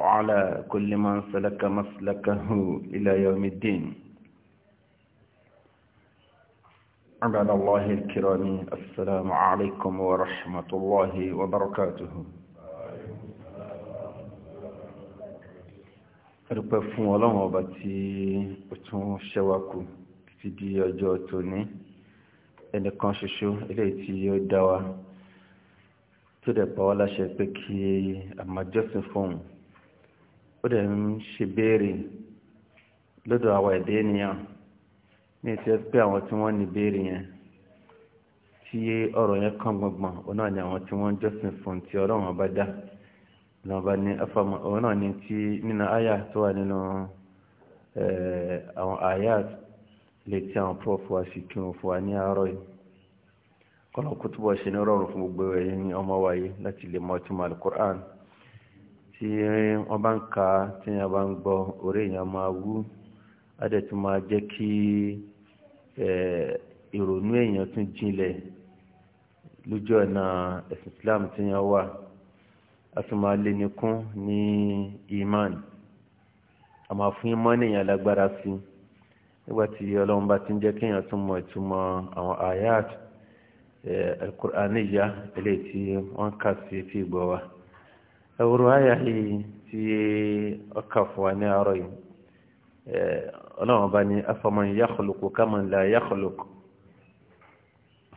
وعلى كل من سلك مسلكه إلى يوم الدين عباد الله الكرام السلام عليكم ورحمة الله وبركاته ẹ̀rùpẹ̀ fún ọlọ́run ọba tí ó tún ṣẹ́wàkù títí di ọjọ́ tòní ẹnìkan ṣoṣo eléyìí tí ó dá tó dẹ̀ pa wá láṣẹ pé kí àmàjọ́sìn fóun ó dẹ̀ ń ṣe béèrè lọ́dọ̀ àwọn ẹ̀dẹ́ ènìyàn ní ìṣe pé àwọn tí wọ́n ní béèrè yẹn tí ọ̀rọ̀ yẹn kàn gbọ̀ngbọ̀n òun náà ni àwọn tí wọ́n jọ́sìn fún ti ọlọ́run bá dá lọ́ba ni tí nínú àyà tó wà nínú àwọn àyà lè tí àwọn prof wa kí wọn fún wa ní àárọ̀ yìí kọ́nà ṣe ní rọrùn fún gbogbo ẹ̀yin ọmọ wa láti lè tí irin ọba ń ka tí wọ́n bá ń gbọ́ orí èèyàn máa wú adẹ̀tún máa jẹ́ kí ìrònú èèyàn tún jinlẹ̀ lójú ọ̀nà Islam tí wà a tún máa lé ní imán a máa fún imán èèyàn lágbára sí nígbà tí ọlọ́run bá ti ń jẹ́ kéèyàn tún mọ ìtumọ̀ àwọn ayat ẹwùrọ̀ ayà yìí tí ọkà fún wa ní àárọ̀ yìí ọlọ́run bá ní afaman yakhluqu kaman la yakhluqu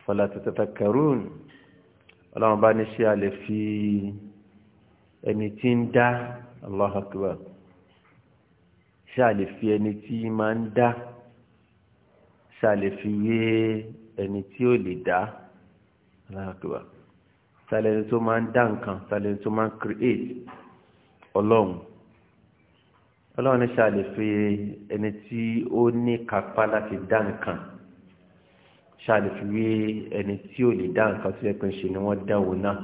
fala tatafakkarun ọlọ́run bá ní ṣe a lè fi ẹni tí ń dá Allahu akbar ṣe a fi ẹni tí máa ń dá ṣe a fi wé ẹni tí ó lè dá Allahu tàlẹ́ni tó máa ń dá nǹkan tàlẹ́ni tó máa ń create ọlọ́run ọlọ́run ní ṣáà lè fi ẹni tí ó ní kápá láti dá nǹkan ṣáà lè fi wé ẹni tí ò lè dá nǹkan tó yẹ pé ṣe ni wọ́n dá òun náà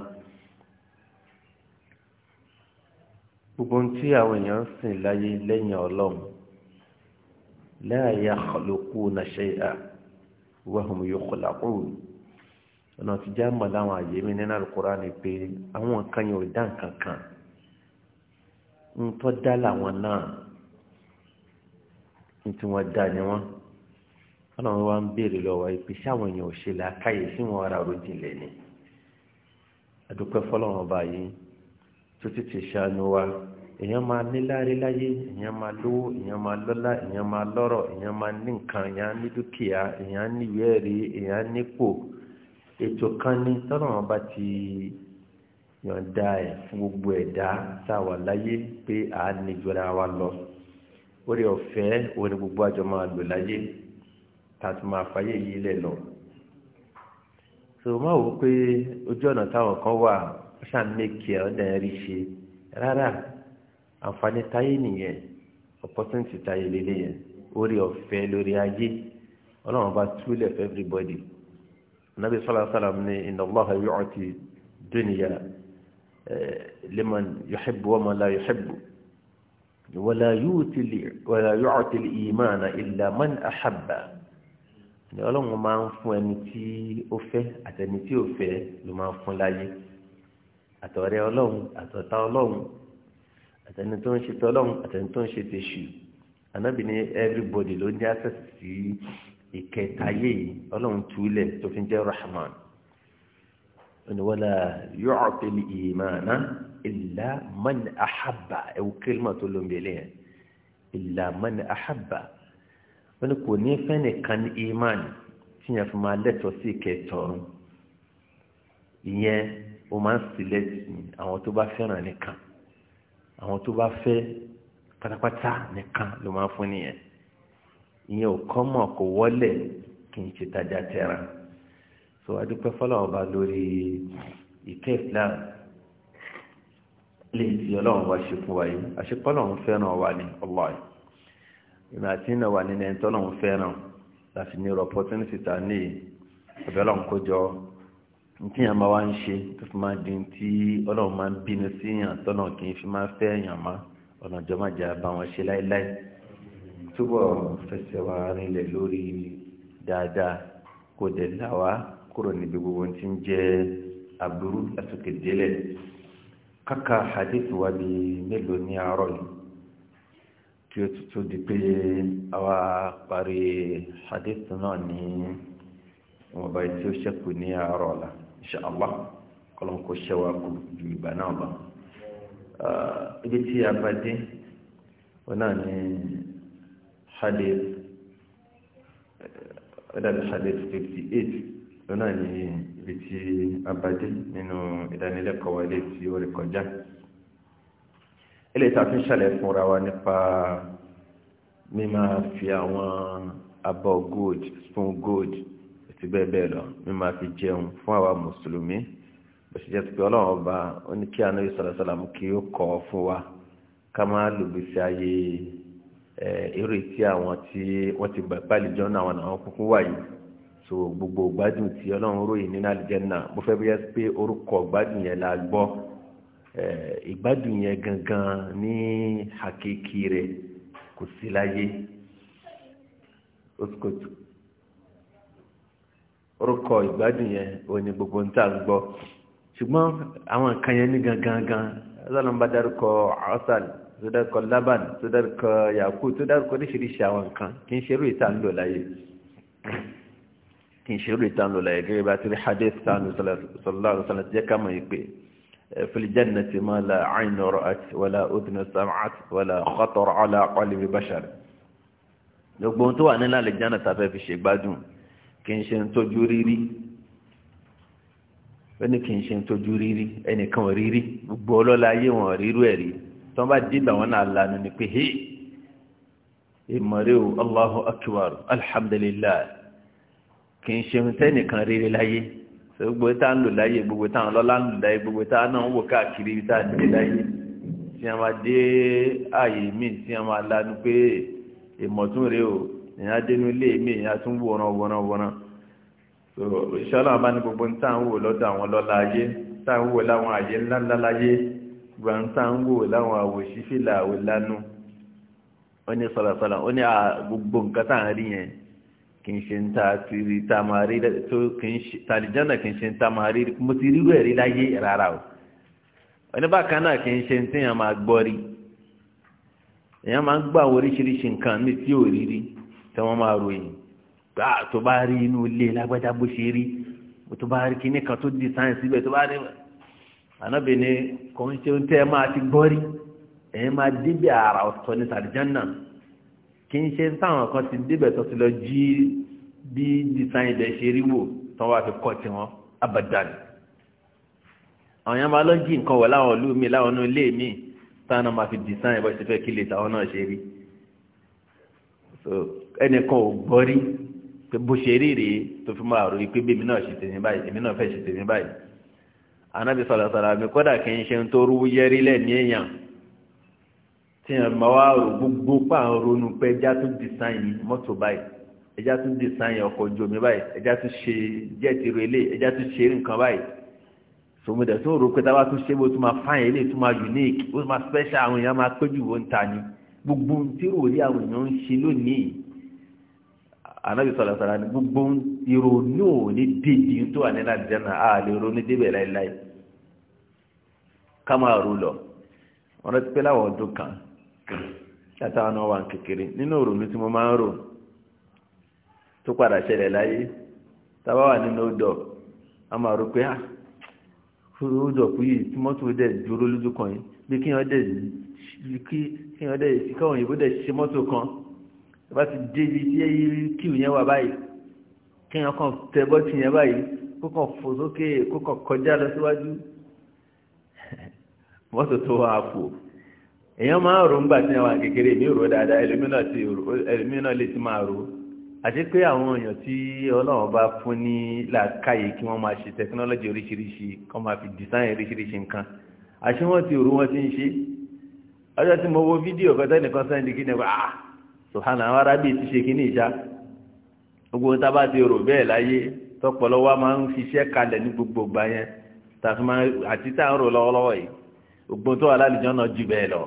gbogbo ohun tí àwọn èèyàn ń sìn láyé lẹ́yìn ọlọ́run la yakhluquna shay'a wa hum yukhlaqun ọ̀nà tí já mọ̀ láwọn àyè mi nínú àlùkòrá ni pé àwọn nǹkan yẹn ò dá nǹkan kan ń tọ́ dá làwọn náà ní tí wọ́n dá ni wọ́n ọlọ́run si ń béèrè lọ́wọ́ èèyàn ò ṣe làákàyè sí wọn ara òjìnlẹ̀ ni àdúpẹ́ fọlọ́run ọba tó ti ti ṣàánú wa èèyàn máa láyé èèyàn máa lówó èèyàn máa lọ́lá èèyàn máa ètò kan ní tọ́nà wọn bá ti yọ̀ǹda ẹ̀ fún gbogbo ẹ̀dá sáwà láyé pé à á ní ìjọra wa lọ orí ọ̀fẹ́ orí gbogbo àjọ máa lò láyé tàbí máa fàyè yìí lẹ̀ lọ. so máa wò ó pé ojú ọ̀nà táwọn kan wà ó ṣàn mékè ọ̀dà ẹ̀rí ṣe rárá àǹfààní táyé nìyẹn opportunity táyé lélẹ́yẹn orí ọ̀fẹ́ lórí ayé ọlọ́run bá túlẹ̀ fún everybody nabi sallallahu alaihi wasallam ní inna allaha yu'ti dunya eh, liman yuhibbu wa man la yuhibbu wala yu'ti wala yu'ti al-imana illa man ahabba ni ọlọ́run máa ń fún ẹni tí ó fẹ́ àtẹni tí ó fẹ́ ló máa ń fún láyé àtọ̀rẹ́ ọlọ́run àtọ̀tá ọlọ́run àtẹni tó ń ṣe tọ́lọ́run àtẹni tó ń everybody ló ní access ìkẹta yìí ọlọ́run tu ilẹ̀ tó fi ń jẹ́ rahman wala yu'til imana illa man ahabba ẹ̀wù kílímà tó ló ń bẹ̀lẹ̀ yẹn illa man ahabba wọn ni kò ní fẹ́ nìkan ní iman tí yẹn fi máa lẹ́tọ̀ọ́ sí ìkẹtọ̀ọ́rùn ìyẹn o máa ń sílẹ̀tì àwọn tó bá fẹ́ràn nìkan àwọn tó bá fẹ́ pátápátá nìkan ló máa fún nìyẹn ìyẹn ò kọ́ mọ̀ kò wọlé kì í ṣe tajà tẹran so adúpẹ́ fọlọ́wọ́n bá lórí ìkẹ́ islam lè ti ọlọ́run wá ṣe fún wa yìí àṣepọ́lọ́run fẹ́ràn wa ni ọlọ́ọ̀ ìmọ̀ àti ìnà wà nínú ẹni tọ́lọ́run fẹ́ràn láti ní ọ̀rọ̀ opportunity ta ní ọ̀bẹ̀ ọlọ́run kó jọ tí yàn máa wá ń ṣe tó fi máa di tí ọlọ́run máa ń bínú sí yàn tọ́nà kì í fi máa fẹ́ yàn má ọ̀nà ìjọ jẹ́ àbáwọn ṣe láéláé túbọ̀ fẹsẹ̀ wa rinlẹ̀ lórí dáadáa kò dẹ̀ là wá kúrò níbi gbogbo tí ń jẹ́ aburú lásìkò délẹ̀ kàkà hadith wa bí mélòó ní àárọ̀ yìí tí ó tuntun di pé àwa parí hadith náà ní ìwọ̀nba tí ó ṣẹ́kù ní àárọ̀ la insha Allah kọlọ́n kù ju ìgbà náà lọ. ibi tí a bá dé wọn náà ní hadith ẹ̀dàbí eh, hadith 58 lọ́nà ní ibi tí a bá dé nínú ìdánilẹ́kọ̀ọ́ wa ilé tí ó rí kọjá ilé ìtàfi ṣàlẹ̀ fúnra wa nípa mímá fi àwọn abọ́ gold spoon gold àti bẹ́ẹ̀ bẹ́ẹ̀ lọ mímá fi jẹun fún àwa mùsùlùmí bẹ̀sí jẹ́ pé ọlọ́run ọba ó ní kí anáyí sọ̀rọ̀sọ̀rọ̀ mú kí ó kọ́ fún wa ká máa lùgbèsè ayé Eh, eré tí àwọn tí wọ́n ti gbà pálí jọ náà àwọn kúkú wáyé so gbogbo gbádùn tí ọlọ́run ròyìn nínú àlùjẹ́nà mo fẹ́ bóyá pé orúkọ gbádùn yẹn la gbọ́ eh, ìgbádùn yẹn gangan ní hakiki kò sí láyé orúkọ yẹn gbogbo ń tà ń gbọ́ ṣùgbọ́n gangan gan ọlọ́run bá dárúkọ tó dárúkọ laban tó dárúkọ yakut tó dárúkọ oríṣiríṣi àwọn nǹkan kì í ṣe irú ìta ń lò láyé kì í ṣe irú ìta ń lò láyé gẹ́gẹ́ bá ti rí hadith sanu sallallahu alaihi wasallam jẹ́ ká mọ̀ yìí pé eh, fil jannati ma la aynu ra'at wala udhunu sam'at wala khatara ala qalbi ẹni kì ṣe ń tójú rírí ẹnìkan rírí gbogbo ọlọ́lá ayé wọn rírú ẹ̀rí tó bá dì làwọn náà lànà ní pé hé ìmọ̀rẹ́ o Allahu akbar alhamdulillah kì í ṣeun tẹ́nìkan rere láyé gbogbo tá ń lò láyé gbogbo tá ń lọ́lá ń lò láyé gbogbo tá náà ń wò káàkiri tá ń lè láyé tí a máa dé ààyè míì tí a máa lanu pé ìmọ̀tún o ìyá dénú ilé mi ìyá tún wòran wòran wòran so ìṣọ́lá bá tá ń wò lọ́dọ̀ àwọn lọ́lá ayé tá ń wò láwọn àyè ńláńlá láyé gbantango láwọn àwòṣí fìlà àwò lánú ó ní sọ̀rọ̀sọ̀rọ̀ ó ní gbogbo nǹkan tá à ń rí yẹn kì í ṣe ń ta tìrì tá a máa rí tó kì í ṣe tàlìjánà kì í ṣe ń ta máa rí mo ti rírú ẹ̀rí láyé rárá o ó náà kì í ṣe ń téèyàn máa gbọ́ rí èèyàn máa ń gbọ́ àwọn oríṣiríṣi nǹkan ní tí ò rí rí tí wọ́n máa ròyìn gbà tó bá rí inú ilé lágbájá bó ṣe rí tó bá rí kinní kan tó di sáyẹ̀nsì bẹ́ẹ̀ tó bá rí ànábì ni kò ń ṣe tẹ́ máa ti gbọ́rí ẹ̀yìn máa débi àrà ọ̀tọ̀ ní sàdìjánà kì í ṣe táwọn kan ti débẹ̀ tó ti lọ jí bí dísáyìn ilẹ̀ ṣe rí wò tó wá fi kọ́ tiwọn abadan àwọn yẹn máa lọ jí nǹkan wọ̀ láwọn ìlú mi láwọn inú ilé mi táwọn náà máa fi dísáyìn bọ́ ṣe fẹ́ kí lè táwọn náà ṣe rí ẹnìkan ò gbọ́rí bó ṣe rí rèé tó fi máa rò pé bí èmi náà ṣe tèmi báyìí èmi náà fẹ́ ṣe tèmi báyìí anábì sọ̀rọ̀sọ̀rọ̀ mi kọ́dà kí n ṣe ń tó rúwú yẹrí lẹ́mí èèyàn tí yàn máa wá rò gbogbo pa àwọn ronú pé ẹjá tún dìsáìn mọ́tò báyìí ẹjá tún dìsáìn ọkọ̀ ojú omi báyìí ẹjá tún ṣe jẹ́ẹ̀tì relé ẹjá tún ṣe nǹkan báyìí sòmùdẹ̀ tó rò pé táwa tún ṣe bó tún máa fáyìn eléyìí tún máa unique bó tún máa special àwọn èèyàn máa péjú wo ta ni gbogbo tí rò rí àwọn èèyàn ń ṣe lónìí anabi sọ̀rọ̀ sọ̀rọ̀ ni gbogbo ìrònú ní dèjì tó wà nínú àdìjẹ́nà ààlè ronú débẹ̀ láíláí kámá rú lọ wọn rántí pé láwọn ọdún kan látàwọn náà wà ń kékeré nínú ìrònú tí mo máa ń rò tó padà ṣẹlẹ̀ láyé tábà wà nínú odò a máa rò pé ah, odò kú yìí tí mọ́tò dẹ̀ dúró lójú kan yìí bí kí wọ́n dẹ̀ kí wọ́n dẹ̀ kí wọ́n yìí bó dẹ̀ ṣe mọ́tò kan bá ti débi tí èyí kíù yẹn wà báyìí kí wọ́n kàn tẹ bọ́tì yẹn báyìí kó kàn fò sókè kó kàn kọjá lọ síwájú mọ́tò tó wà fò èèyàn máa ń rò ńgbà tí àwọn kékeré mi rò dáadáa ẹlòmíràn lè ti máa rò àti pé àwọn èèyàn tí ọlọ́run bá fún ní làákàyè kí wọ́n máa ṣe tẹkinọ́lọ́jì oríṣiríṣi kọ́ máa fi dìsáìn oríṣiríṣi nǹkan àṣé wọ́n ti rò wọ́n ti ń ṣe ọjọ́ tí mo wo fídíò kọ́tẹ́ nìkan sẹ́ndì kí ni wà ah, á sọ̀hánà àwọn arábì ti ṣe kíní ìṣá gbogbo tá a bá ti rò bẹ́ẹ̀ láyé tọpọlọ wa máa ń fiṣẹ́ kalẹ̀ ní gbogbo ìgbà yẹn tàbí àti tá à ń rò lọ́wọ́lọ́wọ́ yìí ògbón tó wà lálùjọ́ náà jù bẹ́ẹ̀ lọ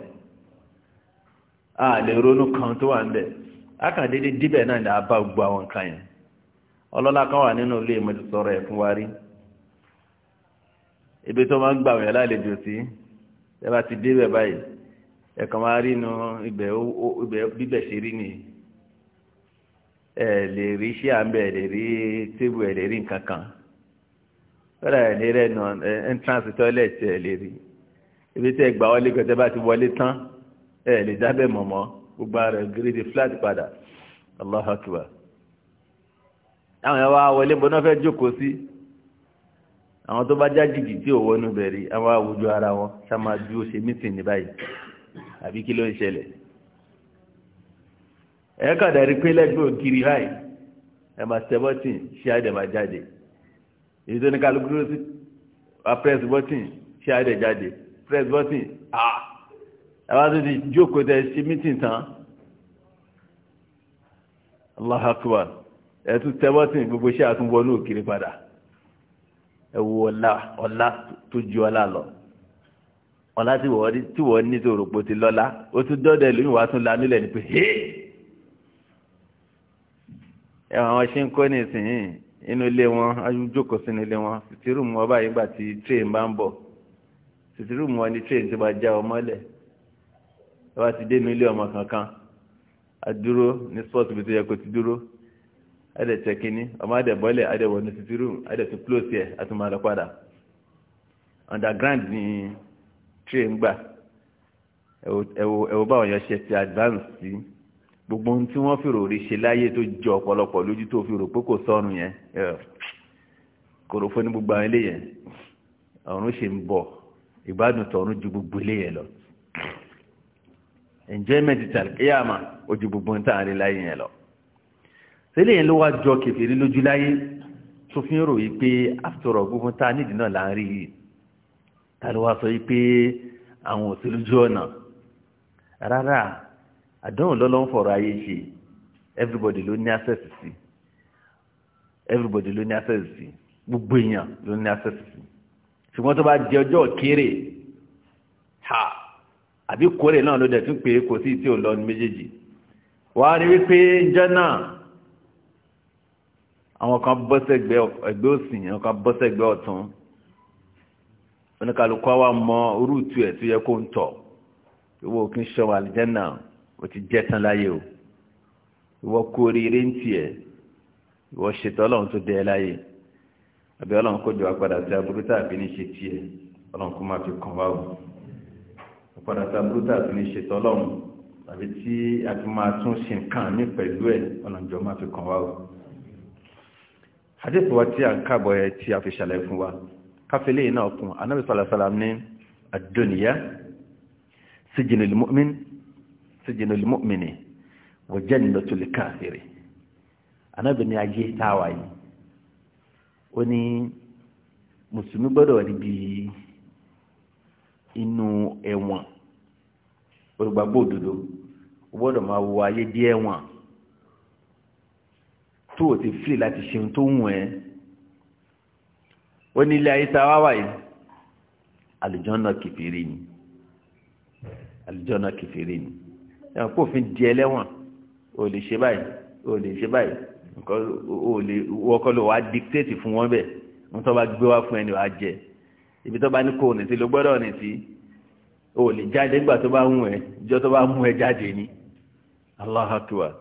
a lè ronú kan tó wà ń bẹ̀ akàdédé díbẹ̀ náà ni a bá gbogbo àwọn nǹkan yẹn ọlọ́lá kan wà nínú ilé ìmọ̀ sọ̀rọ̀ ẹ̀ fún wa rí tó máa ń gbà wọ̀nyẹn lálejò sí ẹ bá ti débẹ̀ báyìí ẹ̀kan máa rí inú ibẹ̀ bíbẹ̀ ṣe rí ni ẹ̀ lè rí iṣẹ́ àmbẹ̀ ẹ̀ lè rí tébù ẹ̀ lè rí nǹkan kan lọ́dà ẹ̀ lè rẹ̀ nà entrance toilet ẹ̀ lè rí ibi tẹ́ gbà wọlé gbẹ̀tẹ́ bá ti wọlé tán ẹ̀ lè dábẹ́ mọ̀mọ́ gbogbo ara gírídì flat padà Allahu Akbar àwọn ẹ̀ wá wọlé bọ́ná fẹ́ jókòó sí àwọn tó bá já jìgì tí ò wọnú bẹ̀rí àwọn àwùjọ ara wọn ṣá àbí kí ló ń ṣẹlẹ̀ ẹ kàdà rí pé lẹ́gbẹ̀ẹ́ ògiri báyìí ẹ máa tẹ bọ́tìn ṣé àdè máa jáde èyí tó ní kálukú ló sí wá press button ṣé àdè jáde press button ah ẹ wá tó ti jókòó tẹ ṣe meeting tán allah akbar ẹ tún tẹ bọ́tìn gbogbo ṣé àtúnwọnú òkiri padà ẹ wo ọlá ọlá tó ju ọlá lọ ọlá tí wọ́n tí wọ́n ní tó rò pé ti lọ́lá ó tún dọ́dẹ̀ lóyún wá tún lanú lẹ̀ ní pé hé ẹ̀wọ̀n àwọn ṣe ń kọ́ ní inú ilé wọn ajújókòó sínú ilé wọn sìtìrúùmù ọba yìí tí train bá ń bọ̀ sìtìrúùmù wọn ni train ti máa já ọmọ lẹ̀ ẹ wá ti dé inú ilé ọmọ kankan a dúró ní sport bí tó yẹ kó ti dúró adẹ̀ tẹ kínní ọmọ adẹ̀ bọ́lẹ̀ adẹ̀ wọ̀ ní sìtìrúùmù adẹ̀ tún close yẹ àtúmọ̀ àlọ́ underground ni tray ń gbà ẹ̀wọ̀ báwọn yẹn ṣe ti advance sí gbogbo ohun tí wọ́n fèrò rí ṣe láyé tó jẹ ọ̀pọ̀lọpọ̀ lójú tó fèrò pé kò sọnù yẹn kòròfó ní gbogbo àwọn ilé yẹn ọ̀run ṣe ń bọ̀ ìgbádùn tọ̀run ju gbogbo ilé yẹn lọ enjoyment tàlkíyàmà ó ju gbogbo ohun tá à ń rí láyé yẹn lọ sílẹ̀ yẹn ló wá jọ kẹfìrí lójú láyé tó fi ń ròyìn pé after all gbogbo tá a nídìí náà là ń rí yìí tàlùwà sọ yìí pé àwọn òṣèlú jù ọ̀nà rárá àdánwò lọ́lọ́ fọ̀rọ̀ ayé ṣe everybody ló ní access sí everybody ló ní access sí gbogbo èèyàn ló ní access sí ṣùgbọ́n tó bá jẹ ọjọ́ kéré ha àbí kórè náà ló dẹ̀ tún pé kò sí tí ò lọ ní méjèèjì wà rí wípé ìjọ náà àwọn kan bọ́ sẹ́gbẹ́ ẹgbẹ́ òsì àwọn kan bọ́ sẹ́gbẹ́ ọ̀tún oníkàlùkù àwa mọ orúùtù ẹ̀ tó yẹ kó ń tọ̀ ìwọ kí n ṣọwọ́ àlìjẹ́nà ó ti jẹ́ tán láyé o ìwọ kú oríire ń tiẹ̀ ìwọ ṣètò ọlọ́run tó dẹ́ láyé àbí ọlọ́run kó jọ apàdà sí aburú tàbí ní ṣe tiẹ̀ ọlọ́run kó má fi kàn wá o apàdà sí aburú tàbí ní ṣe tọ́lọ́run tàbí tí a fi máa tún ṣe nǹkan ní pẹ̀lú ẹ̀ ọlọ́run jọ má fi kàn wá o. àdéhùn wa tí a ń kàbọ̀ ẹ tí a fi ṣàlàyé fún wa káfílẹ̀ náà kún anábì sàlàsàlàm ní àdóníyá sijinul mu'min sijinul mu'mini wa jannatul kafiri anábì ní ayé táwa yìí ó ní mùsùlùmí gbọ́dọ̀ rí bí inú ẹ̀wọ̀n olùgbàgbọ́ òdodo ó gbọ́dọ̀ wo ayé bí ẹ̀wọ̀n tó o ti fìlì láti ṣe ohun tó wù ẹ́ ó ní ilé ayé tá a wá wà yìí àlùjọ́nà kìfìrí ni àlùjọ́nà kìfìrí ni ẹ̀wọ̀n kò fi di ẹlẹ́wọ̀n ò lè ṣe báyìí ò lè ṣe báyìí nǹkan ò lè wọ́kọ́ wàá dictate fún wọn bẹ́ẹ̀ wọ́n tó bá gbé wá fún ẹni wàá jẹ ibi tó bá ní kò ní sí ló gbọ́dọ̀ ní sí ò lè jáde nígbà tó bá ń wẹ̀ ìjọ tó bá mú ẹ jáde ni Allahu Akbar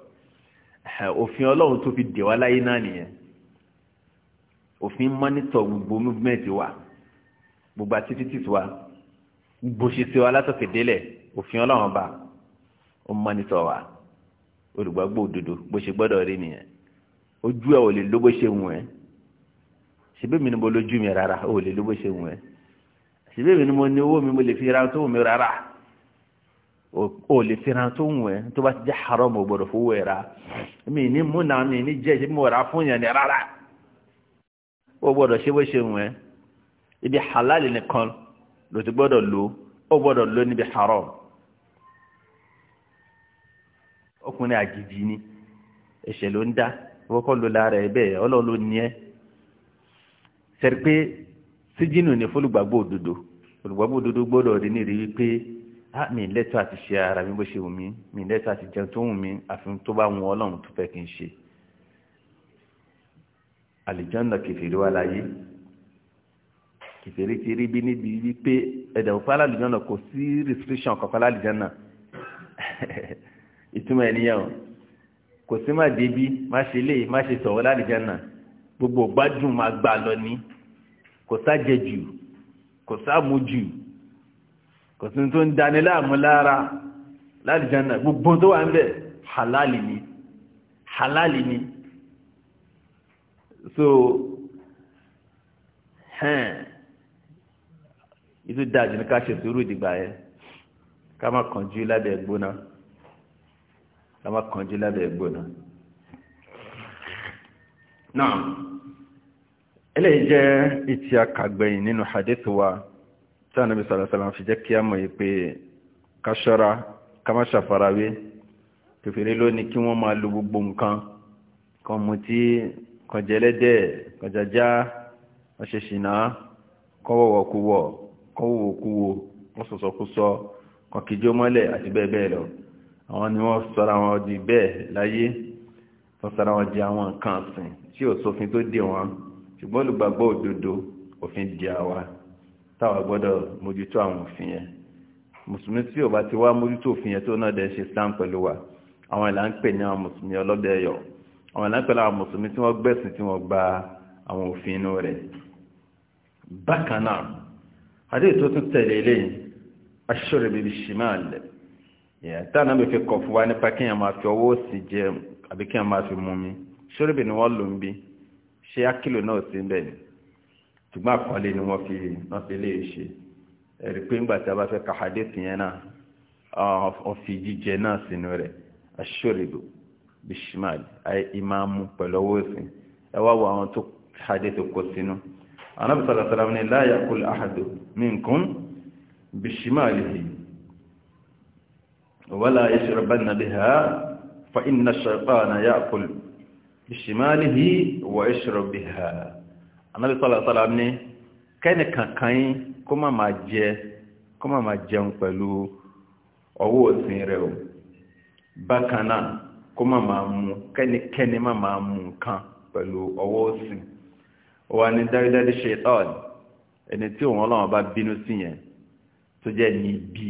òfin Ọlọ́run tó fi dè wá láyé náà nìyẹn òfin mọ́nítọ̀ gbogbo movement wa gbogbo activities wa gbogbo ṣiṣẹ́ wa látọ̀kẹ́ délẹ̀ òfin ọlọ́run ọba ó mọ́nítọ̀ wa olùgbàgbọ́ òdodo bó ṣe gbọ́dọ̀ rí nìyẹn ojú ẹ ò lè ló bó ṣe wù ẹ́ ṣebí mi ni mo lójú mi rárá ò lè ló bó ṣe wù ẹ́ ṣebí mi ni mo ní owó mi mo lè fi ra tó wù mí rárá ò lè fi ra tó wù ẹ́ tó bá ti jẹ́ haram ò gbọ́dọ̀ fowó ẹ̀ rà mí ní múnà mi ní jẹ́ ṣe mo rà fún yẹn ni rárá ó gbọ́dọ̀ ṣe bó ṣe wù ẹ́ ibi halal nìkan ló ti gbọ́dọ̀ lò ó gbọ́dọ̀ lò níbi haram ọkùnrin àjèjì ni ẹ̀ṣẹ̀ ló ń dá wọ́kọ́ ló lára ẹ̀ bẹ́ẹ̀ ọlọ́run ló ní ẹ́ sẹ́rí pé síjínù ni fólùgbàgbọ́ òdodo olùgbàgbọ́ òdodo gbọ́dọ̀ rí ní rí wípé ah mi lẹ́tọ̀ọ́ àti ṣe ara mi bó ṣe wù mí mi lẹ́tọ̀ọ́ àti jẹun tó wù mí àfi tó bá wọn ọlọ́run tó fẹ́ kí n ṣe àlìjánà kẹfìrí wa láyé kẹfìrí ti rí bí níbi wípé ẹ̀dẹ̀ òfin alálìjánà kò sí restriction kankan lálìjánà ìtumọ̀ ènìyàn o kò sí má débi má ṣe léyìí má ṣe sọ̀wọ́ lálìjánà gbogbo gbádùn máa gbà lọ ní kò sájẹ jù kò sáàmú jù kò sí tó ń dání láàmú lára lálìjánà gbogbo tó wà ń bẹ̀ halali ni halali ni so hẹ́n ìtú dájú ní ká ṣe sùúrù ìdìgbà yẹn ká má kánjú lábẹ́ gbóná ká má kánjú lábẹ́ gbóná. náà eléyìí jẹ́ ìtì akàgbẹ̀yìn nínú hadith wa tí Ànábì sallallahu alaihi wasallam fi jẹ́ kí á mọ̀ yìí pé ká ṣọ́ra ká má ṣàfarawé kẹfìrí ló ní kí wọ́n máa lo gbogbo nǹkan kan mú tí kan jẹ ẹlẹ́dẹ̀ kan jajá kan ṣe ṣìnà kan wọ̀wọ̀ kú wọ̀ kan wòwò kú wo kan sọ̀sọ̀ kú sọ kan kìjó mọ́lẹ̀ àti bẹ́ẹ̀ bẹ́ẹ̀ lọ àwọn ni wọ́n sọra wọn di bẹ́ẹ̀ láyé wọ́n sọra wọn di àwọn nǹkan ọ̀sìn tí ò sófin tó dè wọn ṣùgbọ́n olùgbàgbọ́ òdodo òfin di àwa táwa gbọ́dọ̀ mójútó àwọn òfin yẹn mùsùlùmí tí ò bá ti wá mójútó òfin yẹn tó náà dẹ̀ ṣe sáà pẹ̀lú wa àwọn ìlà ń pè ní àwọn mùsùlùmí ọlọ́dẹ ẹ̀yọ̀ àwọn ìlànà àwọn mùsùlùmí tí wọ́n gbẹ̀sìn tí wọ́n gba àwọn òfin inú rẹ̀ bákan náà tó tún tẹ̀lé ilé aṣọ́rẹ̀ bíbi ṣìmá alẹ̀ bí fi kọ̀ fún wa nípa kí èèyàn máa fi ọwọ́ sí jẹ àbí kí èèyàn máa fi mú mi ṣọ́rẹ̀ bí ni wọ́n lò ń bí ṣé ákìlò náà sí ń bẹ̀ ni ṣùgbọ́n àkọọ́lẹ̀ ni wọ́n fi lè ṣe ẹ̀rí pé ńgbà tí a bá fẹ́ ka hadith yẹn náà ọ̀fi jíjẹ náà sínú rẹ̀ aṣọ́rẹ̀ bíbi bishmal imamu pẹ̀lú ọwọ́ òsì ẹ wá wo àwọn tó hajj tó kó sínú anábì sallallahu alaihi wasallam ní la yakul ahadu minkum bishimalihi wala yashrabanna biha fa inna ash-shaytana yakul bishimalihi wa yashrab biha anábì sallallahu alaihi wasallam ní kẹ́ni kankan yín kó kó má máa mú kẹ́nikẹ́ni má máa mú nǹkan pẹ̀lú ọwọ́ òsì ó wá ní dájúdájú ṣetán ẹni tí òun ọlọ́run bá bínú sí yẹn tó jẹ́ ẹni bí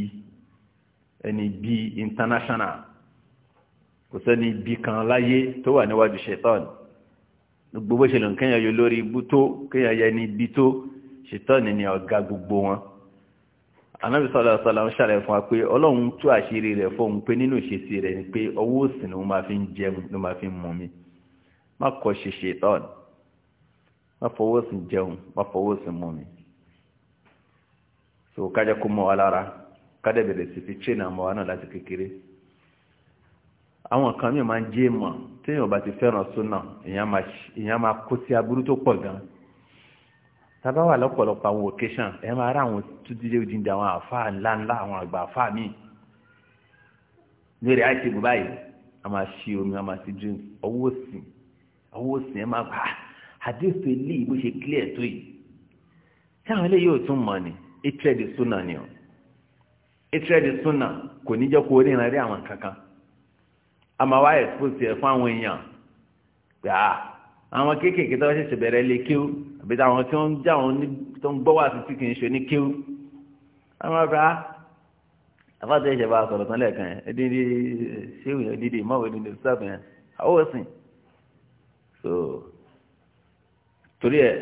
ẹni bí international kò sẹ́ni bí kan láyé tó wà níwájú ṣetán gbogbo ṣe lòun kéèyàn yọ lórí ibú tó kéèyàn yẹ ní ibi tó ṣetán ni ọ̀gá gbogbo wọn anábì sọ́lá sọ́lá ń ṣàlẹ̀ fún wa pé ọlọ́run tú àṣírí rẹ̀ fóun pé nínú ìṣesí rẹ̀ ni pé ọwọ́ òsì ni wọ́n máa fi ń jẹun ló máa fi ń mú mi má kọ́ ṣe ṣètọ́ọ̀nù má fọwọ́ òsì jẹun má fọwọ́ òsì mú mi so kájẹ́ kó mọ́ wa lára kájẹ́ bẹ̀rẹ̀ sí fi trénà mọ́ wa náà láti kékeré àwọn kan mi máa ń jẹ́ mọ̀ téèyàn bá ti fẹ́ràn súnà èèyàn máa kó sí aburú tó pọ̀ gan-an sábà wà lọ́pọ̀lọpọ̀ àwọn occasion ẹ máa rá àwọn túndílé òdìndí àwọn àfáà ńlá ńlá àwọn àgbà àfáà míì lórí àìsí ìbò báyìí a máa ṣí omi a máa ṣe drink ọwọ́ sí ọwọ́ sí ẹ máa gbà àdéhùn ilé ìbò ṣe clear tó yìí táwọn eléyìí ò tún mọ̀ ni ìtírẹ́dì súnà ni ọ ìtírẹ́dì súnà kò ní jẹ́ kó ríran rí àwọn kankan a máa wá expose ẹ fún àwọn èèyàn gbà àwọn kéékèèké tó ṣẹ̀ṣẹ̀ bẹ̀rẹ̀ lé kíw àbí táwọn tí wọ́n ń já wọn tó ń gbọ́ wá sí tí kì í ṣe ní kíw àwọn ọ̀gá ah, àfáàtì ẹ̀ṣẹ̀ bá sọ̀rọ̀ tán lẹ́ẹ̀kan yẹn ẹdíndí ṣéwù yẹn dídì ìmọ̀wé dídì sáàbù yẹn àwọn òsìn so torí ẹ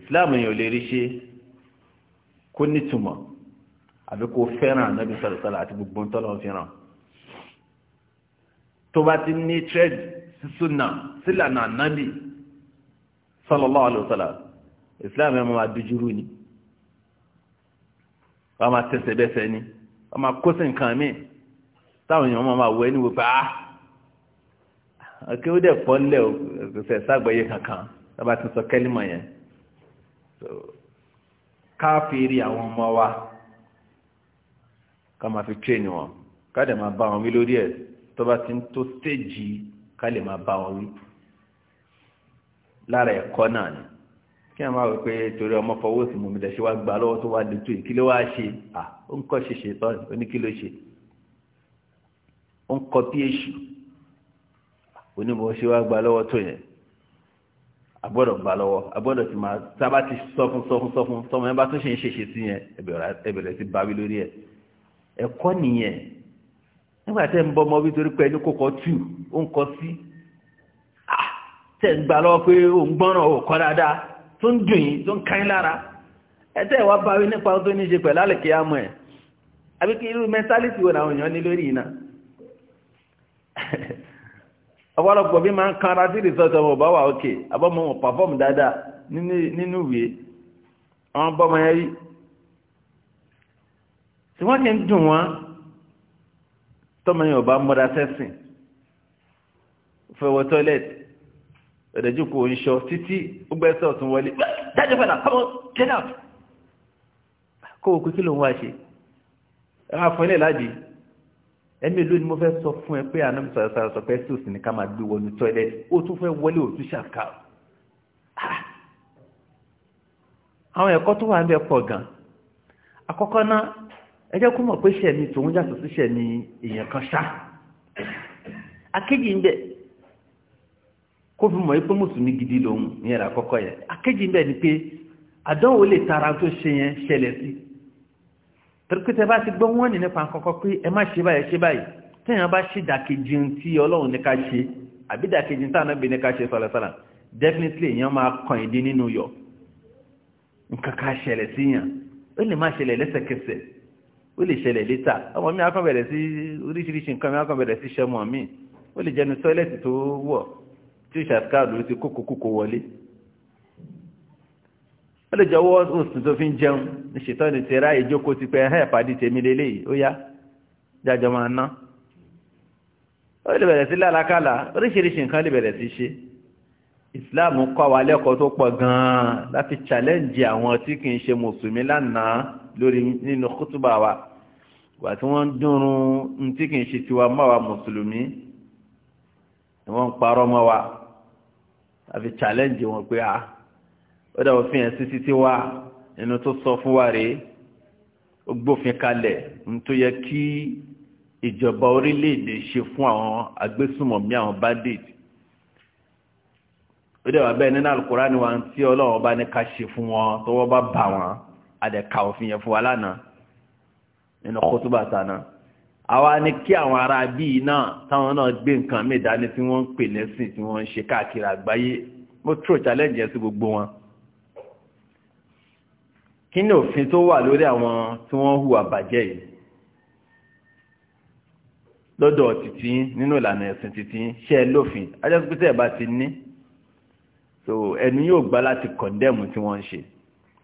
Islam yẹn ò lè rí ṣe kó nítumọ̀ àbí kó fẹ́ràn anábì sọ̀rọ̀ sọ̀rọ̀ àti gbogbo ń tọ́lọ́ fẹ́ràn tó bá sí súnà sílànà ànábì sallallahu alaihi wasallam ìsìláàmù ẹ̀ máa dojúrú ni wọ́n máa tẹ̀sẹ̀ bẹ́sẹ̀ ni wọ́n máa kó sí nǹkan míì táwọn èèyàn máa wọ ẹni wò pé ah kí ó dẹ̀ pọ́ nílẹ̀ òṣìṣẹ́ ságbẹ́yé kankan lọ́ba ti sọ kẹ́límọ̀ yẹn káfíìrì àwọn ọmọ wa ká máa fi tréènì wọn ká dẹ̀ máa bá wọn wí lórí ẹ̀ tó ti ń tó stéèjì ká lè máa bá wọn wí lára ẹ̀kọ́ náà ni kí ẹ máa wí pé torí ọmọ fọwọ́ sí mọ̀mí lẹ́ṣẹ́ wá gba lọ́wọ́ tó wá dùtù yìí kí ló wá ṣe à ó ń kọ́ ṣeṣe tán ó ní kí ló ṣe ó ń kọ́ bí èṣù onímọ̀ ṣe wá gba lọ́wọ́ tó yẹn agbọ́dọ̀ gba lọ́wọ́ agbọ́dọ̀ ti máa sábà ti sọ́fún sọ́fún sọ́fún sọ́mọ ẹ bá tún ṣe ń ṣeṣe sí yẹn ẹbẹ̀rẹ̀ ti bá wí lórí ẹ̀ ẹ̀kọ́ nìyẹn nígbà tẹ́ ń bọ́ ọmọ wítorí ẹni kókọ tù ó ń kọ sí tẹ́ ń gbà lọ́wọ́ pé ó ń gbọ́ràn ò dáadáa tó ń dùn yín tó ń káyín lára ẹ̀tẹ́ ìwà bá wí nípa tó ní ṣe pẹ̀lú àlèkè àmọ́ ẹ̀ àbí kí irú mẹ́ntálítì wo làwọn èèyàn ní lórí iná ọ̀pọ̀lọpọ̀ bí máa ń kan ara sí rìsọ́ọ̀tì ọmọ òkè dáadáa nínú ìwé àwọn bọ́mọ yẹn rí tí wọ́n ti ń dùn tọ́mọyìn ọba mọ́ra sẹ́sìn fẹ́wọ́ tọ́lẹ̀tì ẹ̀dẹ̀jú kò ń ṣọ títí ó gbẹ́sẹ̀ ọ̀tún wọlé dájú padà come on get out kó o kú kí ló ń wá ṣe ẹ máa fún ilé láàjì ẹ̀mí ìlú ni mo fẹ́ sọ fún ẹ pé ànámi sọ̀rọ̀sọ̀rọ̀ sọ pé sùn sí ni ká máa gbé wọnú tọ́lẹ̀tì ó tún fẹ́ wọlé ó ṣàkà ah! àwọn ẹ̀kọ́ tó wà ń bẹ pọ̀ gan-an àkọ́kọ́ ẹ jẹ́ kó mọ̀ pé ṣẹ̀mí tòun yàtọ̀ sí ṣẹ̀mí èèyàn kan ṣá akéjì ń bẹ kó fi mọ̀ pé mùsùlùmí gidi lòun ìyẹn rà kọ́kọ́ yẹn akéjì ń bẹ ni pé àdánwò lè tara tó ṣe yẹn ṣẹlẹ̀ sí tẹ̀rẹ̀kẹ́tẹ̀ bá ti gbọ́ wọ́n ní nípa kọ́kọ́ pé ẹ má ṣe báyìí ṣe báyìí tẹ́yàn bá ṣe dàkejì tí ọlọ́run ní ká ṣe àbí dàkejì tí ànábì ní definitely èèyàn máa kàn ìdí nínú yọ̀ nǹkan ká ṣẹlẹ̀ síyàn ó lè ó lè ṣẹlẹ̀ létà ọmọ mi akọ́ bẹ̀rẹ̀ sí oríṣiríṣi nǹkan mi akọ́ bẹ̀rẹ̀ sí ṣẹmọ mi ó lè jẹnu tọ́ílẹ̀tì tó wọ̀ tí ó ṣàtìkáàdù ló ti kókòkókò wọlé ó lè jọwọ́ òsùn tó fi ń jẹun ní ṣètọ́ ní tẹ́rá ìjókòó ti pẹ́ ẹ̀hẹ́ ìpàdé tèmi lélẹ́yìí ó yá jájọ máa ná ó lè bẹ̀rẹ̀ sí lálàkàlà oríṣiríṣi nǹkan lè bẹ̀rẹ̀ sí ṣe islam kọ́ wa lẹ́kọ̀ọ́ tó pọ̀ gan-an láti challenge àwọn tí kì í ṣe mùsùlùmí lánàá lórí nínú kútùbà wa wà tí wọ́n ń dúnrún ní tí kì í ṣe tiwa mọ́ wa mùsùlùmí ni wọ́n ń parọ́ mọ́ wa àfi challenge wọn pé a ah, ó dà òfin ẹ̀ sí títí wa nínú tó sọ fún wa rèé ó gbófin kalẹ̀ ní tó yẹ kí ìjọba orílẹ̀-èdè ṣe fún àwọn agbésùmọ̀mí àwọn bandit ó dẹ̀ wà bẹ́ẹ̀ nínú alukóra ni wọn tí ọlọ́wọ́ bá ní ká ṣe fún wọn tọwọ́ bá bà wọn àdẹ̀ka òfin yẹn fún wa lánàá nínú kótóbà tánà àwa ni kí àwọn ará bíi náà táwọn náà gbé nǹkan mí dání tí wọ́n ń pè lẹ́sìn tí wọ́n ń ṣe káàkiri àgbáyé mo tró challenge yẹn sí gbogbo wọn kí ni òfin tó wà lórí àwọn tí wọ́n hùwà bàjẹ́ yìí lọ́dọ̀ títí nínú ìlànà ẹ̀sìn títí ṣe é lófin ajásùpítẹ́ ẹ̀ bá ti ní so ẹni yóò gbà láti kọ̀ndẹ́mù tí wọ́n ń ṣe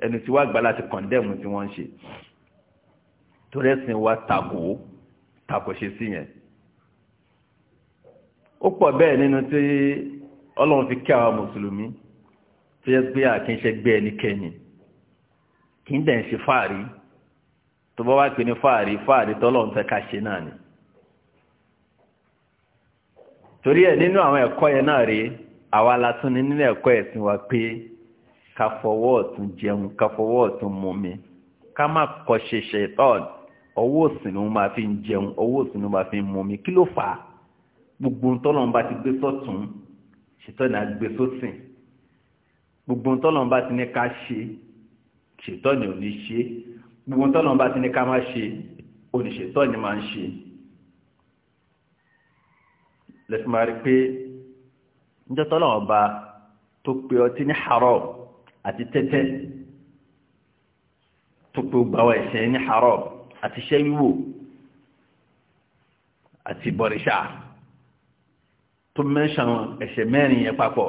ẹni tí wá gbà láti kọ̀ndẹ́mù tí wọ́n ń ṣe torí ẹ̀sìn wa takò takò ṣe sí yẹn ó pọ̀ bẹ́ẹ̀ nínú tí ọlọ́run fi kí àwọn mùsùlùmí tó yẹ pé àkínṣe gbé ẹnikẹ́ni kì í dẹ̀ ń ṣe fáàrí tó bá wá pè ní fáàrí fáàrí tọ́lọ́run fẹ́ ká ṣe náà ni torí ẹ̀ nínú àwọn ẹ̀kọ́ yẹn náà rèé àwa la tún ní nílẹ̀ ẹ̀kọ́ ẹ̀sìn wa pé ká fọwọ́ ọ̀tún jẹun ká fọwọ́ ọ̀tún mumi ká má kọ́ ṣe ṣetán ọwọ́ òsì ni wọ́n máa fi ń jẹun ọwọ́ òsì ni wọ́n máa fi ń mumi kí ló fà á gbogbo ntọ́lọ́n bá ti gbé sọ́tún ṣetán á gbé sósìn gbogbo ntọ́lọ́n bá ti ní ká ṣe ṣetán ni ò ní ṣe gbogbo ntọ́lọ́n bá ti ní ká má ṣe oníṣetán ni máa ń ṣe lẹ́sìn pé níjọ́ tọ́lọ̀ ọba tó pe ọtí ní haram àti tẹ́tẹ́ tó pe gbàwọ̀ ẹ̀ṣẹ̀ ní haram àti iṣẹ́ wíwò àti bọ̀rìṣà tó mẹ́ṣàn ẹ̀ṣẹ̀ mẹ́rin yẹn papọ̀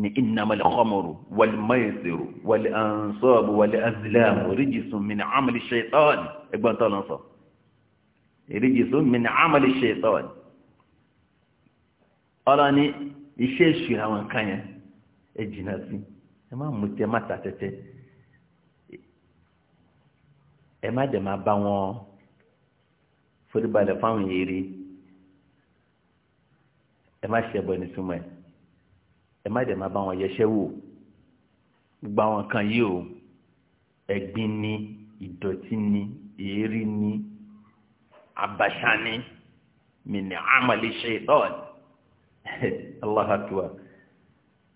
ni innamal khamru wal maysiru wal ansabu wal azlamu rijsun min amali shaytan ẹgbọ́n tọ́lọ́ sọ rijsun min amali shaytan ọ̀rọ̀ ni iṣẹ́ èṣù àwọn nǹkan yẹn ẹ jìnnà sí ẹ má mú tẹ má ta tẹ́tẹ́ ẹ má dẹ̀ má bá wọn foríbalẹ̀ fáwọn yèrè ẹ má ṣe ẹbọ nísúmọ́ ẹ ẹ má dẹ̀ má bá wọn yẹṣẹ́ wò gbogbo àwọn kan yìí o ẹ̀gbin ni ìdọ̀tí ni èérí ni àbàṣà ni mìnà àmàlẹ́ṣẹ́ ìtọ́ọ̀ni. aláhàtúwà